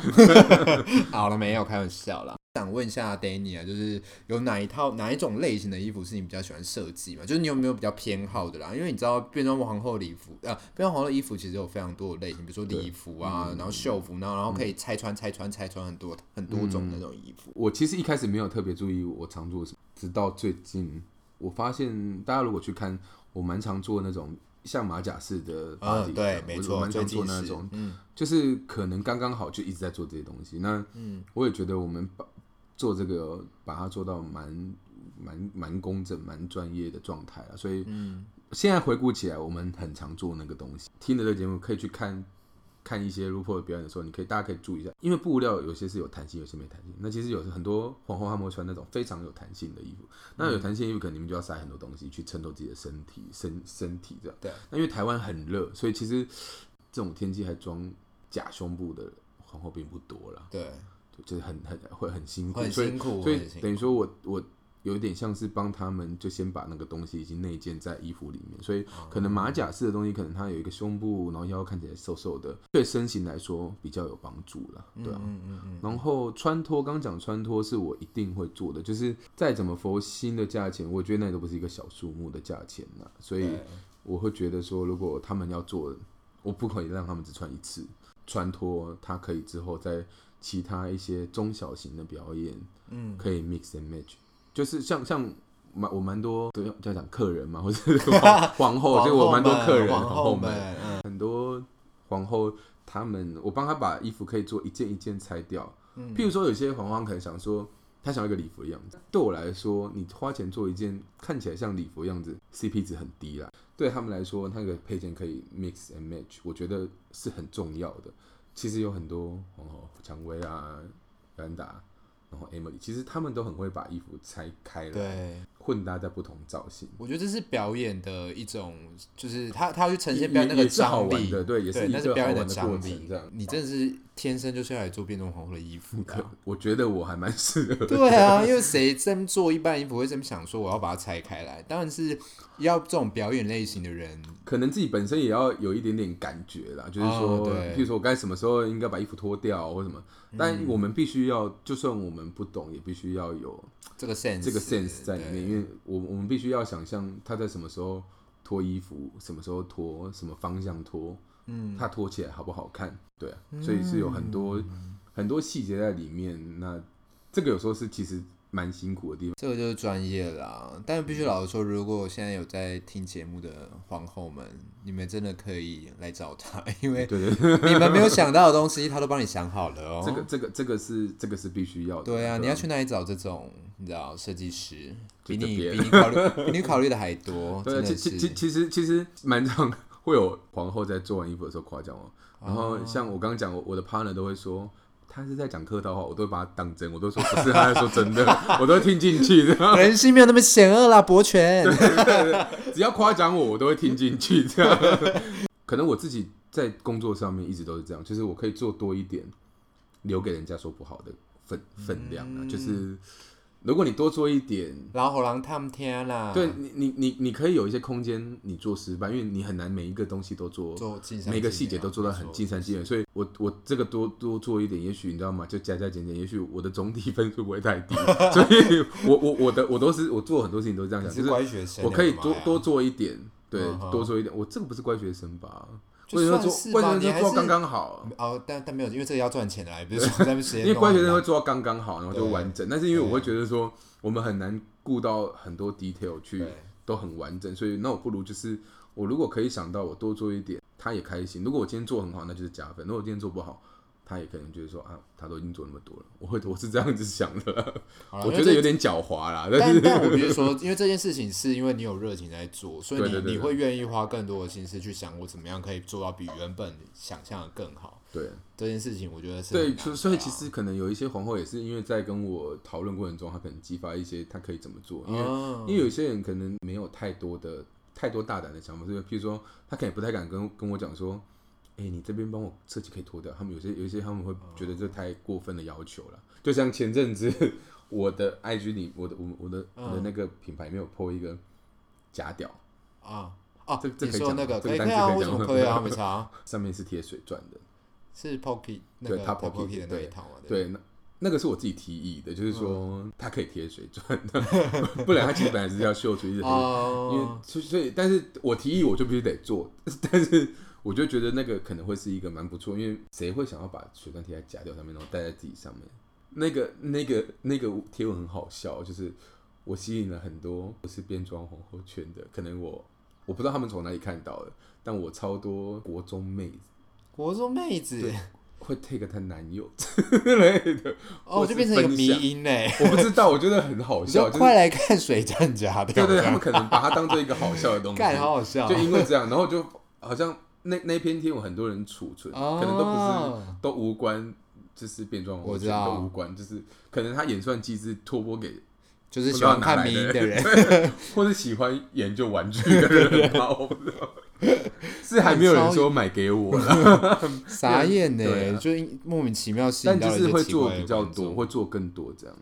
好了，沒有，開玩笑啦。想問一下 Danny 啊，就是有哪一套哪一種類型的衣服是你比較喜歡設計嘛？就是你有沒有比較偏好的啦？因為你知道變成，變裝皇后禮服啊，變裝皇後的衣服其實有非常多的類型，比如說禮服啊，然後秀服，然後，嗯，然後可以拆穿，嗯，拆穿、拆穿、拆穿很多很多種的那種衣服。我其實一開始沒有特別注意我常做什麼，直到最近我發現，大家如果去看，我蠻常做那種像馬甲式的，嗯，對，沒錯，蠻常做那種，嗯，就是可能剛剛好就一直在做這些東西。那嗯，我也覺得我們把。做這個，把它做到蠻蠻蠻工整、蠻專業的狀態啊。所以，嗯、現在回顧起來，我們很常做那個東西。聽了這個節目可以去看看一些 RuPaul 表演的時候，你可以，大家可以注意一下，因為布料有些是有彈性，有些沒彈性。那其實有很多皇后他們穿那種非常有彈性的衣服，嗯、那有彈性的衣服可能你們就要塞很多東西去襯托自己的身體身身體這樣。對。那因為台灣很熱，所以其實這種天氣還裝假胸部的皇后並不多啦。對。就是很會很會很辛苦，所以辛苦，所以等於說我，我我有一點像是幫他們，就先把那個東西已經內建在衣服裡面，所以可能馬甲式的東西，可能它有一個胸部，然後腰看起來瘦瘦的，對身形來說比較有幫助啦，對啊，嗯嗯嗯。然後穿脫，剛講穿脫是我一定會做的，就是再怎麼佛心的價錢，我覺得那都不是一個小數目的價錢吶，所以我會覺得說，如果他們要做，我不可以讓他們只穿一次穿脫，他可以之後再。其他一些中小型的表演，嗯，可以 mix and match，嗯、就是像像蠻我蠻多，都要講客人嘛，或者皇後，就 我蠻多客人皇後們，皇後們、嗯，很多皇后他們，我幫他把衣服可以做一件一件拆掉。嗯、譬如說，有些皇后可能想說，她想要一個禮服的樣子。對我來說，你花錢做一件看起來像禮服樣子，CP 值很低啦。對他們來說，那個配件可以 mix and match，我覺得是很重要的。其實有很多，然後薔薇啊、安達，然後 Emily，其實他們都很會把衣服拆開來。對。混搭在不同造型，我覺得這是表演的一種，就是他他要去呈現表演那個張力，對，對，也是表演的，的過程。這樣，你真的是天生就是要來做變裝皇後的衣服的，啊。我覺得我還蠻適合的。對啊，因為誰這麼做一般也不會這麼想說我要把它拆開來？當然是要這種表演類型的人，可能自己本身也要有一點點感覺啦，就是說，比、哦、如說我該什麼時候應該把衣服脫掉或什麼？但我們必須要、嗯，就算我們不懂，也必須要有這個 sense，這個 sense 在裡面，因為。我我們必須要想象他在什麼時候脫衣服，什麼時候脫，什麼方向脫，嗯，他脫起來好不好看？對啊，所以是有很多，嗯，很多細節在裡面。那這個有時候是其實。蠻辛苦的地方，這個就是專業啦。但是必須老實說，如果我現在有在聽節目的皇後們，你們真的可以來找他，因為對對，你們沒有想到的東西，他都幫你想好了哦、喔 這個。這個這個這個是這個是必須要的。對啊，你要去哪裡找這種你知道設計師？比你比你考慮比你考慮的還多。 真的是其其其其實其實蠻常會有皇後在做完衣服的時候誇獎我，然後像我剛剛講，我的 partner 都會說。他是在講客套話，我都會把他當真，我都說不是，他在說真的， 我都會聽進去，人心沒有那麼險惡啦，博全。 對對對，只要誇獎我，我都會聽進去。這樣， 可能我自己在工作上面一直都是這樣，就是我可以做多一點，留給人家說不好的分分量，啊嗯、就是。如果你多做一點，然後讓他們聽了，對，你，你，你，你可以有一些空間，你做失敗，因為你很難每一個東西都做，做每個細節都做到很盡善盡美。所以，我，我這個多多做一點，也許你知道嗎？就加加減減，也許我的總體分數不會太低。 所以，我，我，我的，我都是 我做很多事情都是這樣想，就是乖學生，我可以多有有、啊、多做一點，對、嗯，多做一點。我這個不是乖學生吧？所以說做關鍵就做剛剛好、啊、哦，但但沒有，因為這個要賺錢來，不是因為關鍵人會做到剛剛好，然後就完整。但是因為我會覺得說，我們很難顧到很多 detail 去都很完整，所以那我不如就是我如果可以想到我多做一點，他也開心。如果我今天做很好，那就是加分；如果我今天做不好。他也可能就是說啊，他都已經做那麼多了，我會我是這樣子想的，我覺得有點狡猾啦。但是但，但我覺得說， 因為這件事情是因為你有熱情在做，所以你對對對對你會願意花更多的心思去想，我怎麼樣可以做到比原本想象的更好。對這件事情，我覺得是、啊、對，所以其實可能有一些皇後也是因為在跟我討論過程中，他可能激發一些他可以怎麼做、嗯，因為因為有些人可能沒有太多的太多大膽的想法，就是譬如說他可能不太敢跟跟我講說。哎、欸，你這邊幫我設計可以脫掉，他們有些有一些他們會覺得這太過分的要求了。Oh. 就像前陣子我的 IG 裡，我的我我的我、嗯、的那個品牌沒有 PO 一個假屌啊啊，oh. Oh, 這這可以講、那個，這個單字可以講，為什麼可以啊？我可以啊 上面是貼水鑽的，是 POKEY，、那個、對，他 POKEY 的那一套對，對那，那個是我自己提議的，就是說它、oh. 可以貼水鑽的， 不然它其實本來是要秀出一些，oh. 因為所以，但是我提議我就必須得做、嗯，但是。我就覺得那個可能會是一個蠻不錯，因為誰會想要把水鑽貼在夾掉上面，然後戴在自己上面？那個、那個、那個貼文很好笑，就是我吸引了很多不是變裝皇后圈的，可能我我不知道他們從哪裡看到的，但我超多國中妹子，國中妹子會 take 她男友之類的，哦，就變成一個迷因嘞， 我不知道，我覺得很好笑，就快來看水鑽夾掉，對對，他們可能把它當做一個好笑的東西，蓋 好好笑，就因為這樣，然後就好像。那那一篇貼我很多人儲存，哦，可能都不是都無關，就是變裝，我知道都無關，就是可能他演算機制托播給，就是喜歡看迷因的人， 或者喜歡研究玩具人的人， 是還沒有人說買給我啦， 傻眼呢耶、 啊，就莫名其妙，但就是會做比較多，會做更多這樣。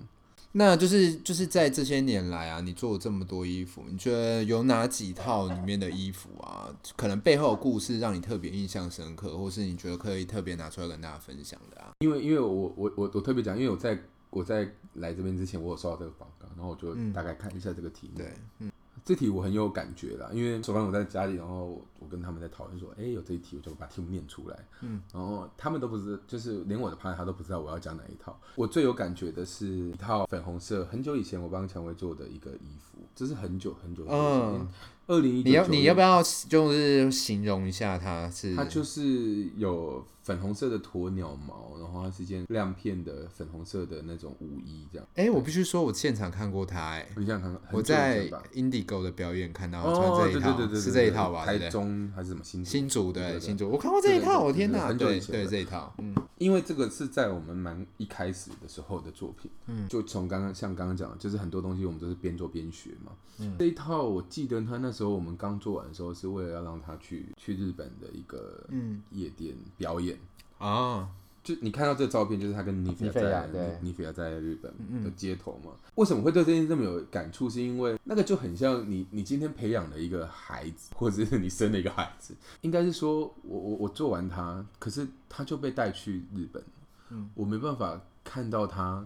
那就是就是在這些年來啊，你做了這麼多衣服，你覺得有哪幾套裡面的衣服啊，可能背後故事讓你特別印象深刻，或是你覺得可以特別拿出來跟大家分享的啊？因為因為我我我我特別講，因為我在我在來這邊之前，我有收到這個廣告，然後我就大概看一下這個題目，嗯、對，嗯。這題我很有感覺啦，因為昨晚我在家裡，然後我跟他們在討論說，哎，有這一題，我就把題目念出來。嗯，然後他們都不知道，就是連我的朋友他都不知道我要講哪一套。我最有感覺的是一套粉紅色，很久以前我幫薔薇做的一個衣服，這是很久很久以前，嗯，二零一九年。你要你要不要就是形容一下？它是它就是有。粉紅色的鴕鳥毛，然後它是一件亮片的粉紅色的那種舞衣，這樣。哎、欸，我必須說，我現場看過他、欸，很想看看。我在 Indigo 的表演看到穿這一套、哦對對對對，是這一套吧？台中對對對還是什麼新新竹，新竹對，對，對，新竹，我看過這一套。我天哪，對很久以前對，對，這一套。嗯，因為這個是在我們蠻一開始的時候的作品。嗯，就從剛剛像剛剛講，就是很多東西我們都是邊做邊學嘛。嗯，這一套我記得他那時候我們剛做完的時候，是為了要讓他去去日本的一個嗯夜店表演。嗯。啊，就你看到這照片，就是他跟妮妃雅，對，妮妃雅在日本的街頭嘛，嗯嗯。為什麼會對這件事這麼有感觸？是因為那個就很像你，你今天培養了一個孩子，或者是你生了一個孩子，應該是說我我我做完他，可是他就被帶去日本，嗯，我沒辦法看到他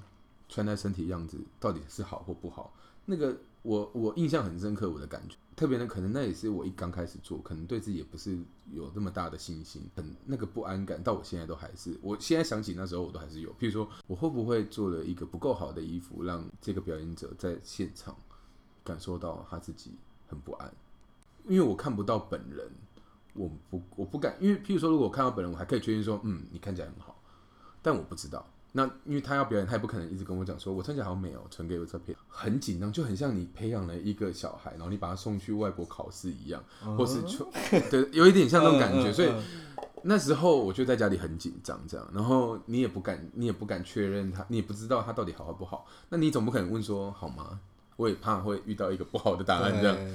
穿戴身體的樣子到底是好或不好。那個我我印象很深刻，我的感覺。特別的，可能那也是我一剛開始做，可能對自己也不是有那麼大的信心，很那個不安感。到我現在都還是，我現在想起那時候，我都還是有。譬如說，我會不會做了一個不夠好的衣服，讓這個表演者在現場感受到他自己很不安？因為我看不到本人，我不我不敢。因為，譬如說，如果我看到本人，我還可以確認說，嗯，你看起來很好，但我不知道。那因為他要表演，他也不可能一直跟我講說“我穿起來好美哦，傳給我照片”，很緊張，就很像你培養了一個小孩，然後你把他送去外國考試一樣，嗯、或是就對，有一點像那種感覺。嗯嗯嗯，所以那時候我就在家裡很緊張，這樣，然後你也不敢，你也不敢確認他，你也不知道他到底好好不好。那你總不可能問說“好嗎？”我也怕會遇到一個不好的答案。這樣，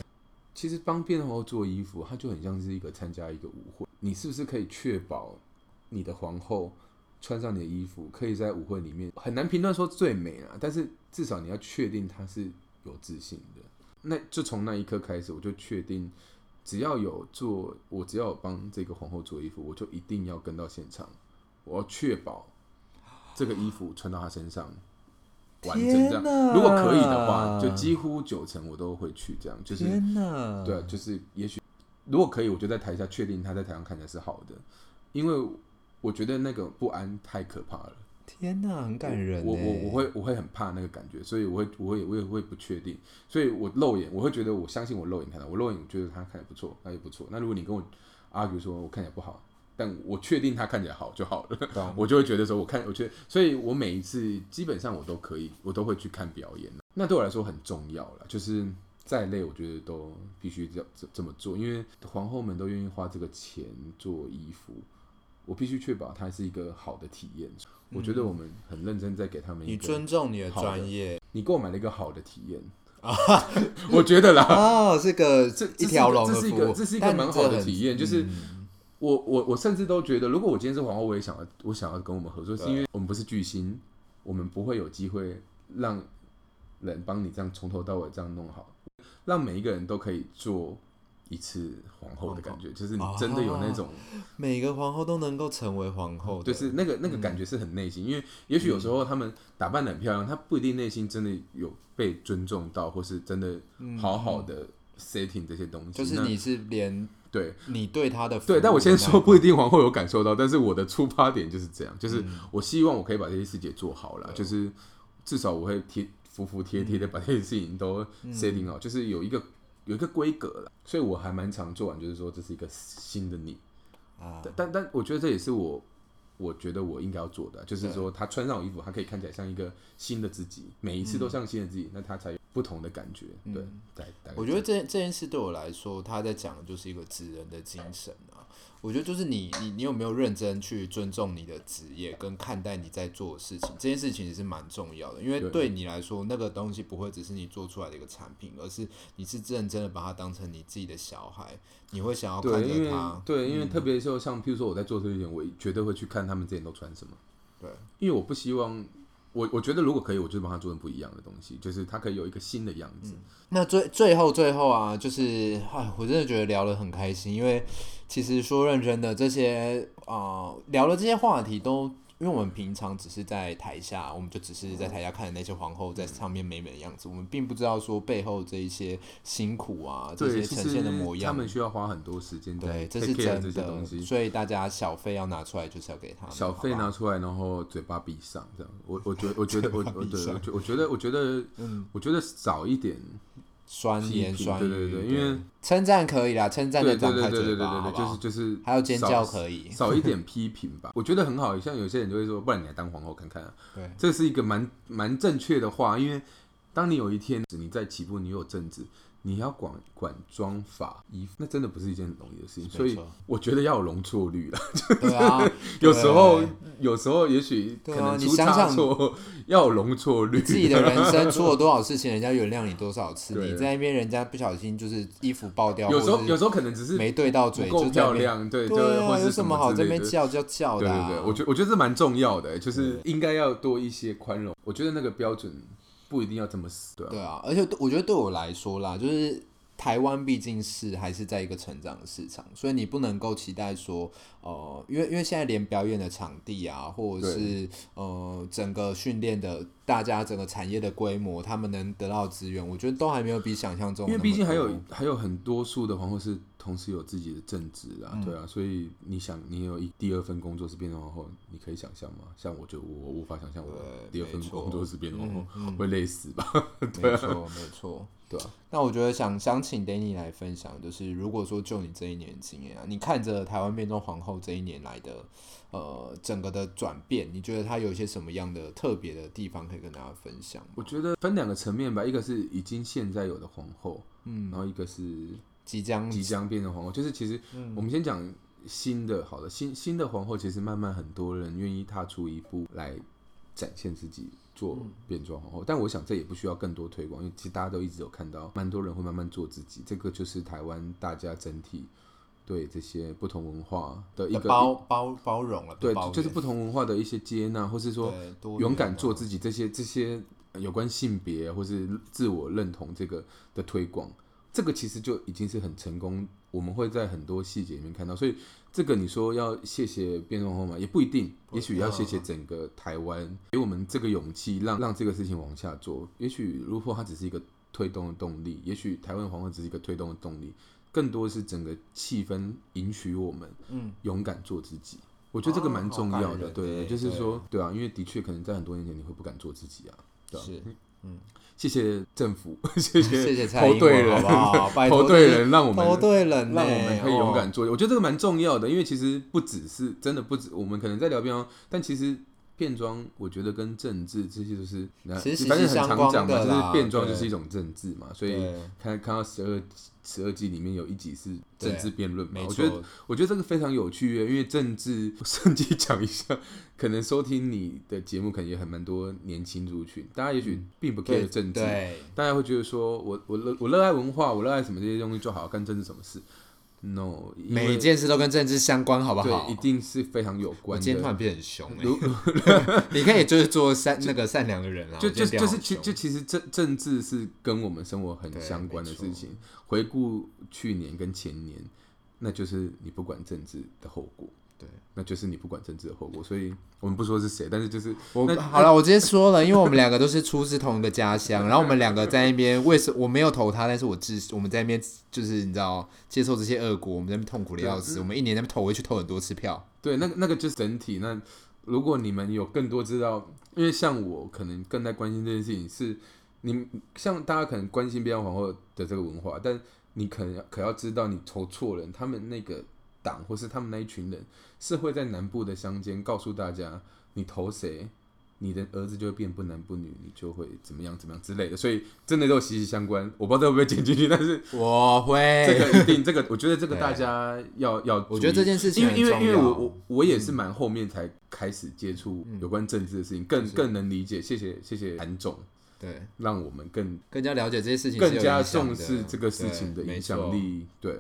其實幫變裝皇後做衣服，它就很像是一個參加一個舞會。你是不是可以確保你的皇后？穿上你的衣服，可以在舞會裡面很難評斷說最美啊，但是至少你要確定他是有自信的。那就從那一刻開始，我就確定，只要有做，我只要有幫這個皇後做衣服，我就一定要跟到現場，我要確保這個衣服穿到她身上完整。這樣，如果可以的話，就幾乎九成我都會去這樣，就是對啊，就是也許如果可以，我就在台下確定她在台上看起來是好的，因為。我覺得那個不安太可怕了。天哪、啊，很感人。我我我會我會很怕那個感覺，所以我會我會我也會不確定，所以我肉眼我會覺得我相信我肉眼看到我肉眼我覺得他看起來不錯，那也不錯。那如果你跟我 argue 說，我看起來不好，但我確定他看起來好就好了，嗯、 我就會覺得說我看我覺得，所以我每一次基本上我都可以我都會去看表演，那對我來說很重要了，就是再累我覺得都必須要這這麼做，因為皇後們都願意花這個錢做衣服。我必須確保它是一個好的體驗、嗯。我覺得我們很認真在給他們一個好的，你尊重你的專業，你購買了一個好的體驗啊， 我覺得啦啊、哦，這個這一條龍，這是一個這是一個蠻好的體驗。就是我我我甚至都覺得，如果我今天是皇後，我也想要我想要跟我們合作，是因為我們不是巨星，我們不會有機會讓人幫你這樣從頭到尾這樣弄好，讓每一個人都可以做一次皇後的感覺，就是你真的有那種、啊就是那個、每個皇後都能夠成為皇後，就是那個、嗯、那個感覺是很內心。因為也許有時候他們打扮的很漂亮，她、嗯、不一定內心真的有被尊重到，或是真的好好的 setting 這些東西。嗯、就是你是連對你對她的對，但我先說不一定皇後有感受到、嗯，但是我的出發點就是這樣，就是我希望我可以把這些事情做好了、嗯，就是至少我會貼服服帖帖的把這些事情都 setting 好、嗯，就是有一個。有一個規格了，所以我還蠻常做完，就是說這是一個新的你，嗯、但但我覺得這也是我，我覺得我應該要做的，啊，就是說他穿上我衣服，他可以看起來像一個新的自己，每一次都像新的自己，嗯、那他才有。不同的感覺，對、嗯、我覺得這這件事對我來說，他在講的就是一個職人的精神啊。我覺得就是你你，你有沒有認真去尊重你的職業，跟看待你在做的事情，這件事情也是蠻重要的。因為對你來說，那個東西不會只是你做出來的一個產品，而是你是認真的把它當成你自己的小孩，你會想要看着他。對，因為、嗯、因為特別就像譬如說我在做這一點，我絕對會去看他們之前都穿什麼。對，因為我不希望。我我覺得如果可以，我就幫他做成不一樣的東西，就是他可以有一個新的樣子。嗯、那最最後最後啊，就是唉，我真的覺得聊得很開心，因為其實說認真的這些啊、呃，聊了這些話題都。因為我們平常只是在台下，我們就只是在台下看着那些皇後在上面美美的樣子，我們並不知道說背後這一些辛苦啊，這些呈現的模樣。他們需要花很多時間，對，這是真的。所以大家小費要拿出來，就是要給他們小費拿出來，然後嘴巴閉上，這樣。我我覺我覺得我我對我覺得我，我覺得我覺得我覺得早一點。酸言酸語對，對對對，對，因為稱讚可以啦，稱讚的狀對對對，對，對，對，對好好，就是就是，還有尖叫可以，少，少一點批評吧。 我覺得很好，像有些人就會說，不然你來當皇後看看，啊。對，這是一個蠻蠻正確的話，因為當你有一天你在起步，你有政治。你要管管妝髮衣服，那真的不是一件很容易的事情。所以我覺得要有容錯率了。對啊，對對對，有時候有時候也許對啊，你想想，要有容錯率。自己的人生出了多少事情，人家原諒你多少次？你在那邊，人家不小心就是衣服爆掉。有時候有時候可能只是沒對到嘴，就較量對、啊、對，對、啊、什有什麼好在那邊叫就叫的、啊？對，對對，我覺我覺得這蠻重要的、欸，就是應該要多一些寬容。我覺得那個標準。不一定要這麼死，對啊，對啊，而且我覺得對我來說啦，就是。台灣畢竟是還是在一個成長的市場，所以你不能夠期待說，呃，因為因為現在連表演的場地啊，或者是呃整個訓練的大家整個產業的規模，他們能得到資源，我覺得都還沒有比想象中的。因為畢竟還有還有很多數的皇後是同時有自己的正職啊，對啊，所以你想你有一第二份工作是變裝皇後，你可以想象嗎？像我就我無法想象我的第二份工作是變裝皇後會累死吧？錯、嗯嗯 啊、沒錯。沒錯那我覺得想想請 Danny 來分享，就是如果說就你這一年經驗啊，你看着台灣變裝皇後這一年來的，的呃整個的轉變，你覺得他有些什麼樣的特別的地方可以跟大家分享？我覺得分兩個層面吧，一個是已經現在有的皇後，嗯，然後一個是即將即將變成皇後，就是其實我們先講新的好，好、嗯、的新新的皇後，其實慢慢很多人願意踏出一步來展現自己。做變裝皇後、嗯，但我想這也不需要更多推廣，因為其實大家都一直有看到，蠻多人會慢慢做自己。這個就是台灣大家整體對這些不同文化的一個包包包容了，對，對，就是不同文化的一些接納，或是說勇敢做自己。這些這些有關性別或是自我認同這個的推廣。這個其實就已經是很成功，我們會在很多細節裡面看到。所以，這個你說要謝謝變裝皇後嗎？也不一定，也許要謝謝整個台灣給我們這個勇氣讓，讓讓這個事情往下做。也許如果它只是一個推動的動力，也許台灣皇后只是一個推動的動力，更多是整個氣氛允許我們，嗯，勇敢做自己。我覺得這個蠻重要的，對的，就是說，對啊，因為的確可能在很多年前你會不敢做自己啊，對啊是。嗯，謝謝政府，謝謝、嗯、謝謝蔡英文投對人，好好拜對，投對人，讓我們投對人、欸，讓我們可以勇敢做、哦。我覺得這個蠻重要的，因為其實不只是真的不只，我們可能在聊邊但其實。變裝，我覺得跟政治這些都、就是，其實是相關的啦，反正很常講嘛。就是變裝就是一種政治嘛，所以看看到十二十二季裡面有一集是政治辯論嘛沒。我覺得我覺得這個非常有趣耶，因為政治，我甚至講一下，可能收聽你的節目，可能也很蠻多年輕族群，大家也許並不 care 政治，大家會覺得說我我樂我熱愛文化，我熱愛什麼這些東西，就好，干政治什麼事。no，每一件事都跟政治相關，好不好？一定是非常有關的。今天突然變很兇，欸， 你看，也就是做善那個善良的人啊。就就就是其就其實政政治是跟我們生活很相關的事情。回顧去年跟前年，那就是你不管政治的後果。對，那就是你不管政治的後果，所以我們不說是誰，但是就是我好了， 我直接說了，因為我們兩個都是出自同一個家鄉， 然後我們兩個在那邊，為什？我沒有投他，但是我自我們在那邊就是你知道接受這些惡果，我們在那邊痛苦的要死，我們一年在那邊投，回去投很多次票。對，那那個就是整體。那如果你們有更多知道，因為像我可能更在關心這件事情，是你像大家可能關心邊皇後的這個文化，但你可能可要知道，你投錯人，他們那個。黨或是他們那一群人，是會在南部的鄉間告訴大家：你投誰，你的兒子就會變不男不女，你就會怎麼樣怎麼樣之類的。所以真的都有息息相關。我不知道這會不會剪進去，但是我會，這個一定，這個我覺得這個大家要要。我覺得這件事情因為因為因為我我我也是蠻後面才開始接觸有關政治的事情，嗯、更更能理解。謝謝謝謝韓總，對，讓我們更更加了解這些事情，更加重視這個事情的影響力。對。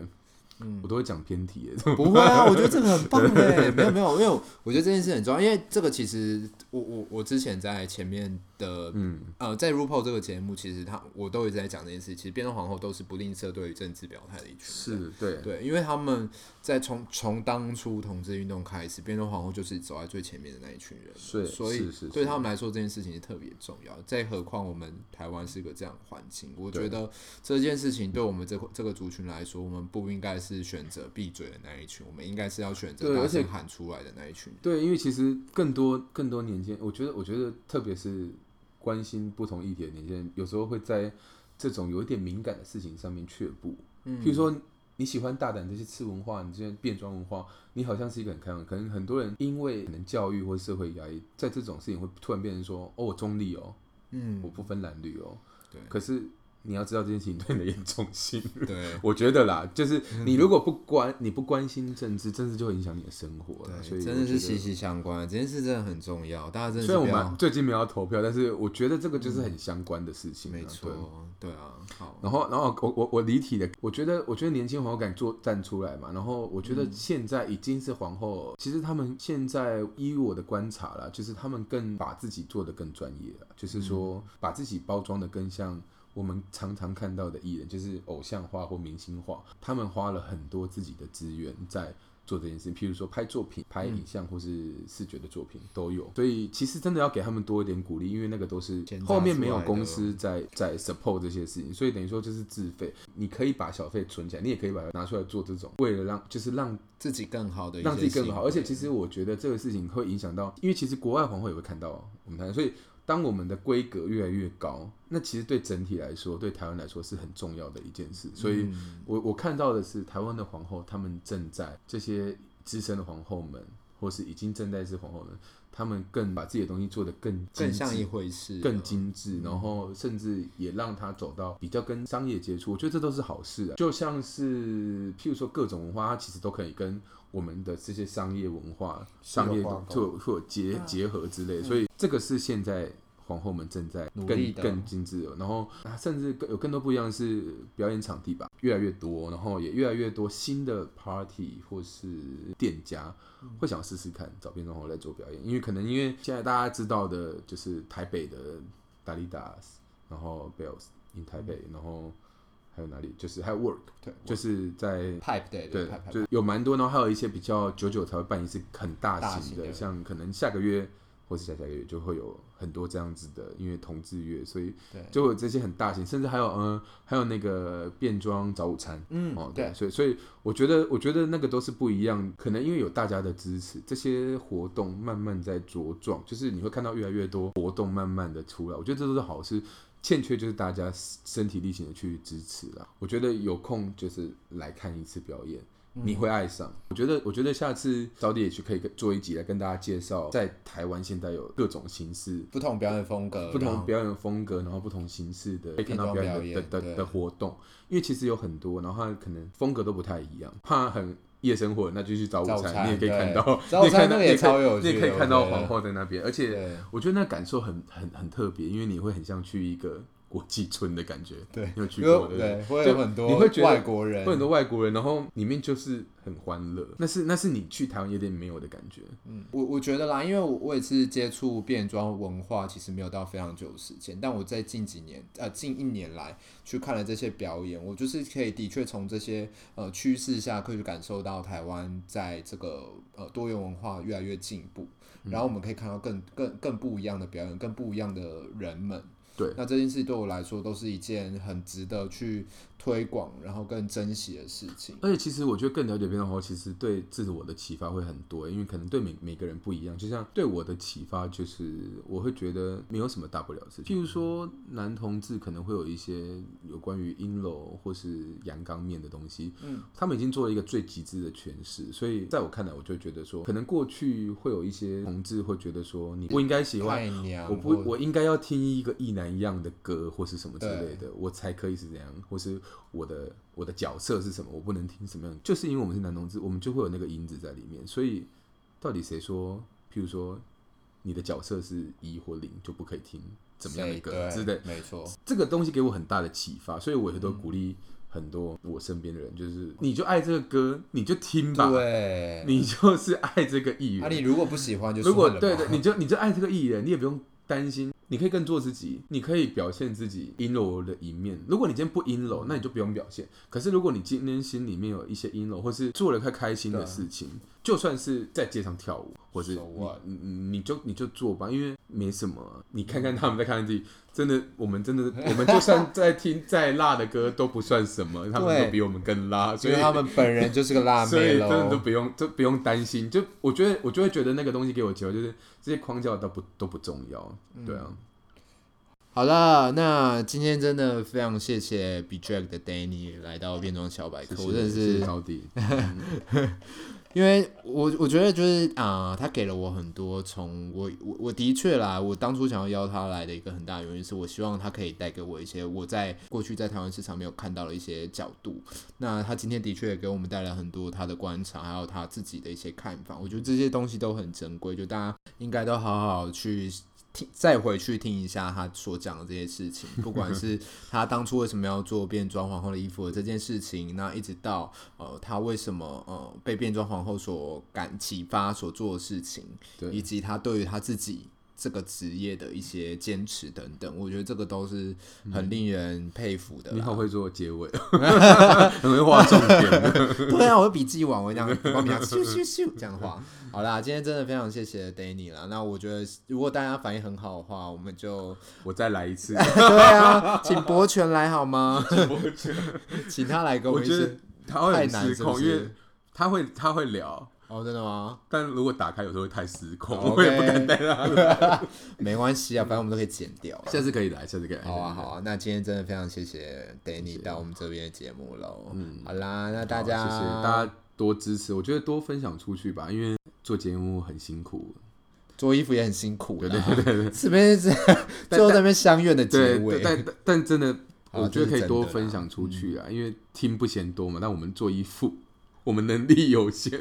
我都會講偏題耶，不會啊，我覺得這個很棒哎， 沒有沒有沒有，因為我覺得這件事很重要，因為這個其實我我我之前在前面。呃、嗯，嗯呃，在 RuPaul 這個節目，其實他我都一直在講這件事。其實，變裝皇後都是不吝嗇對於政治表態的一群人，是，對，對，因為他們在從從當初同志運動開始，變裝皇後就是走在最前面的那一群人，對，所以是，是，是，是對他們來說這件事情是特別重要。再何況我們台灣是一個這樣的環境，我覺得這件事情對我們這這個族群來說，我們不應該是選擇閉嘴的那一群，我們應該是要選擇大聲喊出來的那一群對。對，因為其實更多更多年間，我覺得，我覺得特別是。關心不同議題的年輕人，有時候會在這種有一點敏感的事情上面卻步。嗯、譬如說你喜歡大膽這些吃文化，你這些變裝文化，你好像是一個很開放。可能很多人因為可能教育或社會壓力，在這種事情會突然變成說，哦，我中立哦，嗯、我不分藍綠哦。可是。你要知道這件事情對你的嚴重性。 對，我覺得啦，就是你如果不關、嗯、你不關心政治，政治就會影響你的生活。對，所以，真的是息息相關。這件事真的很重要，大家真的。雖然我們最近沒有投票，嗯，但是我覺得這個就是很相關的事情。沒錯，對啊。好，然後，然後我我我離體的，我覺得，我覺得年輕皇后敢做站出來嘛，然後我覺得現在已經是皇後，嗯、其實他們現在依我的觀察啦，就是他們更把自己做得更專業了，就是說把自己包裝得更像。嗯我們常常看到的藝人就是偶像化或明星化，他們花了很多自己的資源在做這件事，譬如說拍作品、拍影像或是視覺的作品都有。所以其實真的要給他們多一點鼓勵，因為那個都是後面沒有公司在在 support 這些事情，所以等於說就是自費。你可以把小費存起來，你也可以把它拿出來做這種，為了讓就是讓自己更好的，讓自己更好。而且其實我覺得這個事情會影響到，因為其實國外皇後也會看到我們台灣，所以。當我們的規格越來越高，那其實對整體來說，對台灣來說是很重要的一件事。嗯。所以我，我我看到的是台灣的皇後，他們正在這些資深的皇後們，或是已經正在是皇後們。他們更把自己的東西做得更精緻更像一回事，更精致、嗯，然後甚至也讓他走到比較跟商業接觸，我覺得這都是好事、啊。就像是譬如說各種文化，它其實都可以跟我們的這些商業文化、嗯、商業做做結、啊、結合之類、嗯，所以這個是現在。皇後們正在更努力、更精緻，然後、啊、甚至更有更多不一樣的是表演場地吧，越來越多，然後也越來越多新的 party 或是店家、嗯、會想試試看找變裝皇後來做表演，因為可能因為現在大家知道的就是台北的 Dalida 然後 Bells in 台北，嗯，然後還有哪裡，就是還有 Work，對，就是在，嗯、Pipe 對對，對 Pipe，對 Pipe。就有蠻多，然後還有一些比較久久才會辦一次很大型的大型，像可能下個月。或是下下個月就會有很多這樣子的，因為同志月，所以對，就會有這些很大型，甚至還有嗯、呃，還有那個變裝早午餐，嗯哦對，對，所以所以我覺得我覺得那個都是不一樣，可能因為有大家的支持，這些活動慢慢在茁壯，就是你會看到越來越多活動慢慢的出來，我覺得這都是好事，欠缺就是大家身體力行的去支持了，我覺得有空就是來看一次表演。你會愛上、嗯，我覺得，我覺得下次早點也許可以做一集來跟大家介紹，在台灣現在有各種形式、不同表演風格、不同表演風格，然後不同形式的可以看到表演的表演的的，的活動，因為其實有很多，然後它可能風格都不太一樣。怕很夜生活，那就去找舞台。你也可以看到，你 餐那也超 你也可以看到皇後 在那邊，而且我覺得那感受很很很特別，因為你會很像去一個。我國際村的感覺，對，有去過對對，對，會有很多，你會覺得外國人，會很多外國人，然後裡面就是很歡樂，嗯，那是那是你去台灣夜店沒有的感覺。嗯，我我覺得啦，因為我我也是接觸變裝文化，其實沒有到非常久的時間，但我在近幾年，呃，近一年來去看了這些表演，我就是可以的確從這些呃趨勢下，可以感受到台灣在這個呃多元文化越來越進步，然後我們可以看到更更更不一樣的表演，更不一樣的人們。對，那這件事對我來說都是一件很值得去推廣，然後更珍惜的事情。而且，其實我覺得更了解變裝的話其實對自我的啟發會很多，因為可能對每每個人不一樣。就像對我的啟發，就是我會覺得沒有什麼大不了的事情。譬如說，男同志可能會有一些有關於陰柔或是陽剛面的東西，嗯，他們已經做了一個最極致的詮釋。所以，在我看來，我就覺得說，可能過去會有一些同志會覺得說，你不應該喜歡，我不，我應該要聽一個一男一樣的歌或是什麼之類的，我才可以是這樣，或是。我的我的角色是什麼？我不能聽什麼樣？就是因為我們是男同志，我們就會有那個因子在裡面。所以，到底誰說？譬如說，你的角色是一或零，就不可以聽怎麼樣的歌，對不對？沒錯。這個東西給我很大的啟發，所以我也都鼓勵很多我身邊的人，就是、嗯、你就愛這個歌，你就聽吧。對、欸，你就是愛這個藝人。那、啊、你如果不喜歡就，如果對，對對，你就你就愛這個藝人，你也不用擔心，你可以更做自己，你可以表現自己陰柔的一面。如果你今天不陰柔，那你就不用表現。可是如果你今天心裡面有一些陰柔，或是做了開開心的事情，就算是在街上跳舞，或是你、so、你就你就做吧，因為沒什麼。你看看他們在看自己。真的，我們真的，我們就算在聽再辣的歌 都不算什麼，他們都比我們更辣，所以他們本人就是個辣妹，所以真的都不用，都不用擔心。就我覺得，我就會覺得那個東西給我機會，就是這些框架都不都不重要。嗯、對啊。好了，那今天真的非常謝謝 Be Drag 的 Danny 來到變裝小百科，我認識高迪。是是因為我我覺得就是啊、呃，他給了我很多我。從我我我的確啦，我當初想要邀他來的一個很大的原因是，我希望他可以帶給我一些我在過去在台灣市場沒有看到的一些角度。那他今天的確也給我們帶來很多他的觀察，還有他自己的一些看法。我覺得這些東西都很珍貴，就大家應該都好好好去。再回去聽一下他所講的這些事情，不管是他當初為什麼要做變裝皇後的衣服的這件事情，那一直到呃他為什麼呃被變裝皇後所感啟發所做的事情，以及他對於他自己，這個職業的一些堅持等等，我覺得這個都是很令人佩服的、嗯。你好會做結尾， 很會畫重點。不 啊，我筆記完。我我這樣咻咻咻，咻這樣畫。好啦，今天真的非常謝謝 Danny 了。那我覺得，如果大家反應很好的話，我們就我再來一次。 對啊，請伯權來好嗎？ 請他來跟我一我覺得他會很失控，難是是因為他會他會聊。哦、oh，真的嗎？但如果打開有時候會太失控，okay. 我也不敢戴了。沒關係啊，反正我們都可以剪掉。下次可以來，下次可以來。好啊，好啊。那今天真的非常謝謝 Danny 到我們這邊的節目嘍。嗯，好啦，那大家謝謝大家多支持，我覺得多分享出去吧，因為做節目很辛苦，做衣服也很辛苦。對對對對對，這邊是最後這邊相約的結尾。但但，但，但真的，我覺得可以多分享出去啊，因為聽不嫌多嘛、嗯。但我們做衣服。我們能力有限，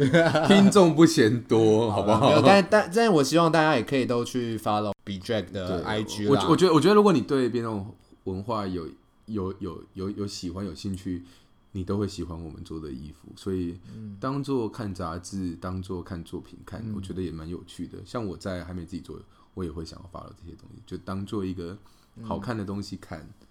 聽眾不嫌多， 好不好？但但但我希望大家也可以都去 follow Be Drag 的 IG 啦。我，我覺得我覺得如果你對變裝文化有有有有有喜歡有興趣，你都會喜歡我們做的衣服。所以當做看雜誌，當做看作品看，嗯、我覺得也蠻有趣的。像我在還沒自己做，我也會想要 follow 這些東西，就當做一個好看的東西看。嗯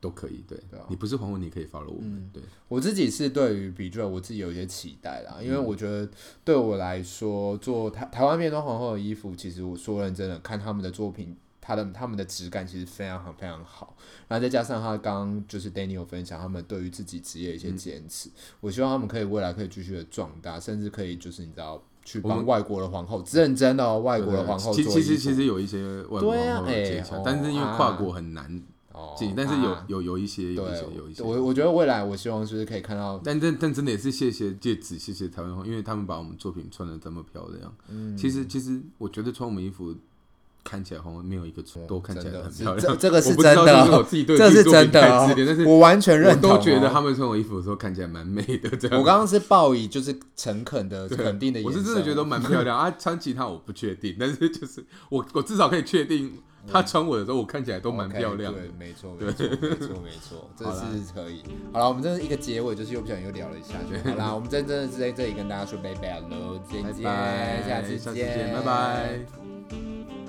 都可以，對，對、啊、你不是皇後，你可以 follow 我們。嗯、對我自己是對於 Be Drag，我自己有一些期待啦、嗯，因為我覺得對我來說，做台台灣變裝皇後的衣服，其實我說認真的，看他們的作品，他的他們的質感其實非常非常好。然後再加上他剛，剛就是 Daniel 分享，他們對於自己職業的一些堅持、嗯，我希望他們可以未來可以繼續的壯大，甚至可以就是你知道去幫外國的皇后認真的、哦、外國的皇後做對對，其實其實其實有一些問題，哎、啊哦，但是因為跨國很難。啊哦，但是有、啊、有有一些有一些有一些，有一些，我我覺得未來我希望就是可以看到但，但但但真的也是謝謝戒指，謝謝台灣紅，因為他們把我們作品穿的這麼漂亮。嗯，其實其實我覺得穿我們衣服看起來好像沒有一個都看起來很漂亮，哦、這，這個是真的，是是的這是真的、哦，這個、我完全認同、哦，我都覺得他們穿我衣服的時候看起來蠻美的。這樣，我剛剛是報以就是誠懇的肯定的，我是真的覺得蠻漂亮、嗯、啊。穿其他我不確定，但是就是我我至少可以確定。他穿我的時候，我看起來都蠻漂亮的 okay，對。對，沒錯，沒錯，沒錯，沒錯，這是可以。 好了，我們這是一個結尾，就是又不小心又聊了一下，就。 好了，我們真真的是在這裡跟大家說拜拜，Hello，、啊、再見，下次見，拜拜。Bye bye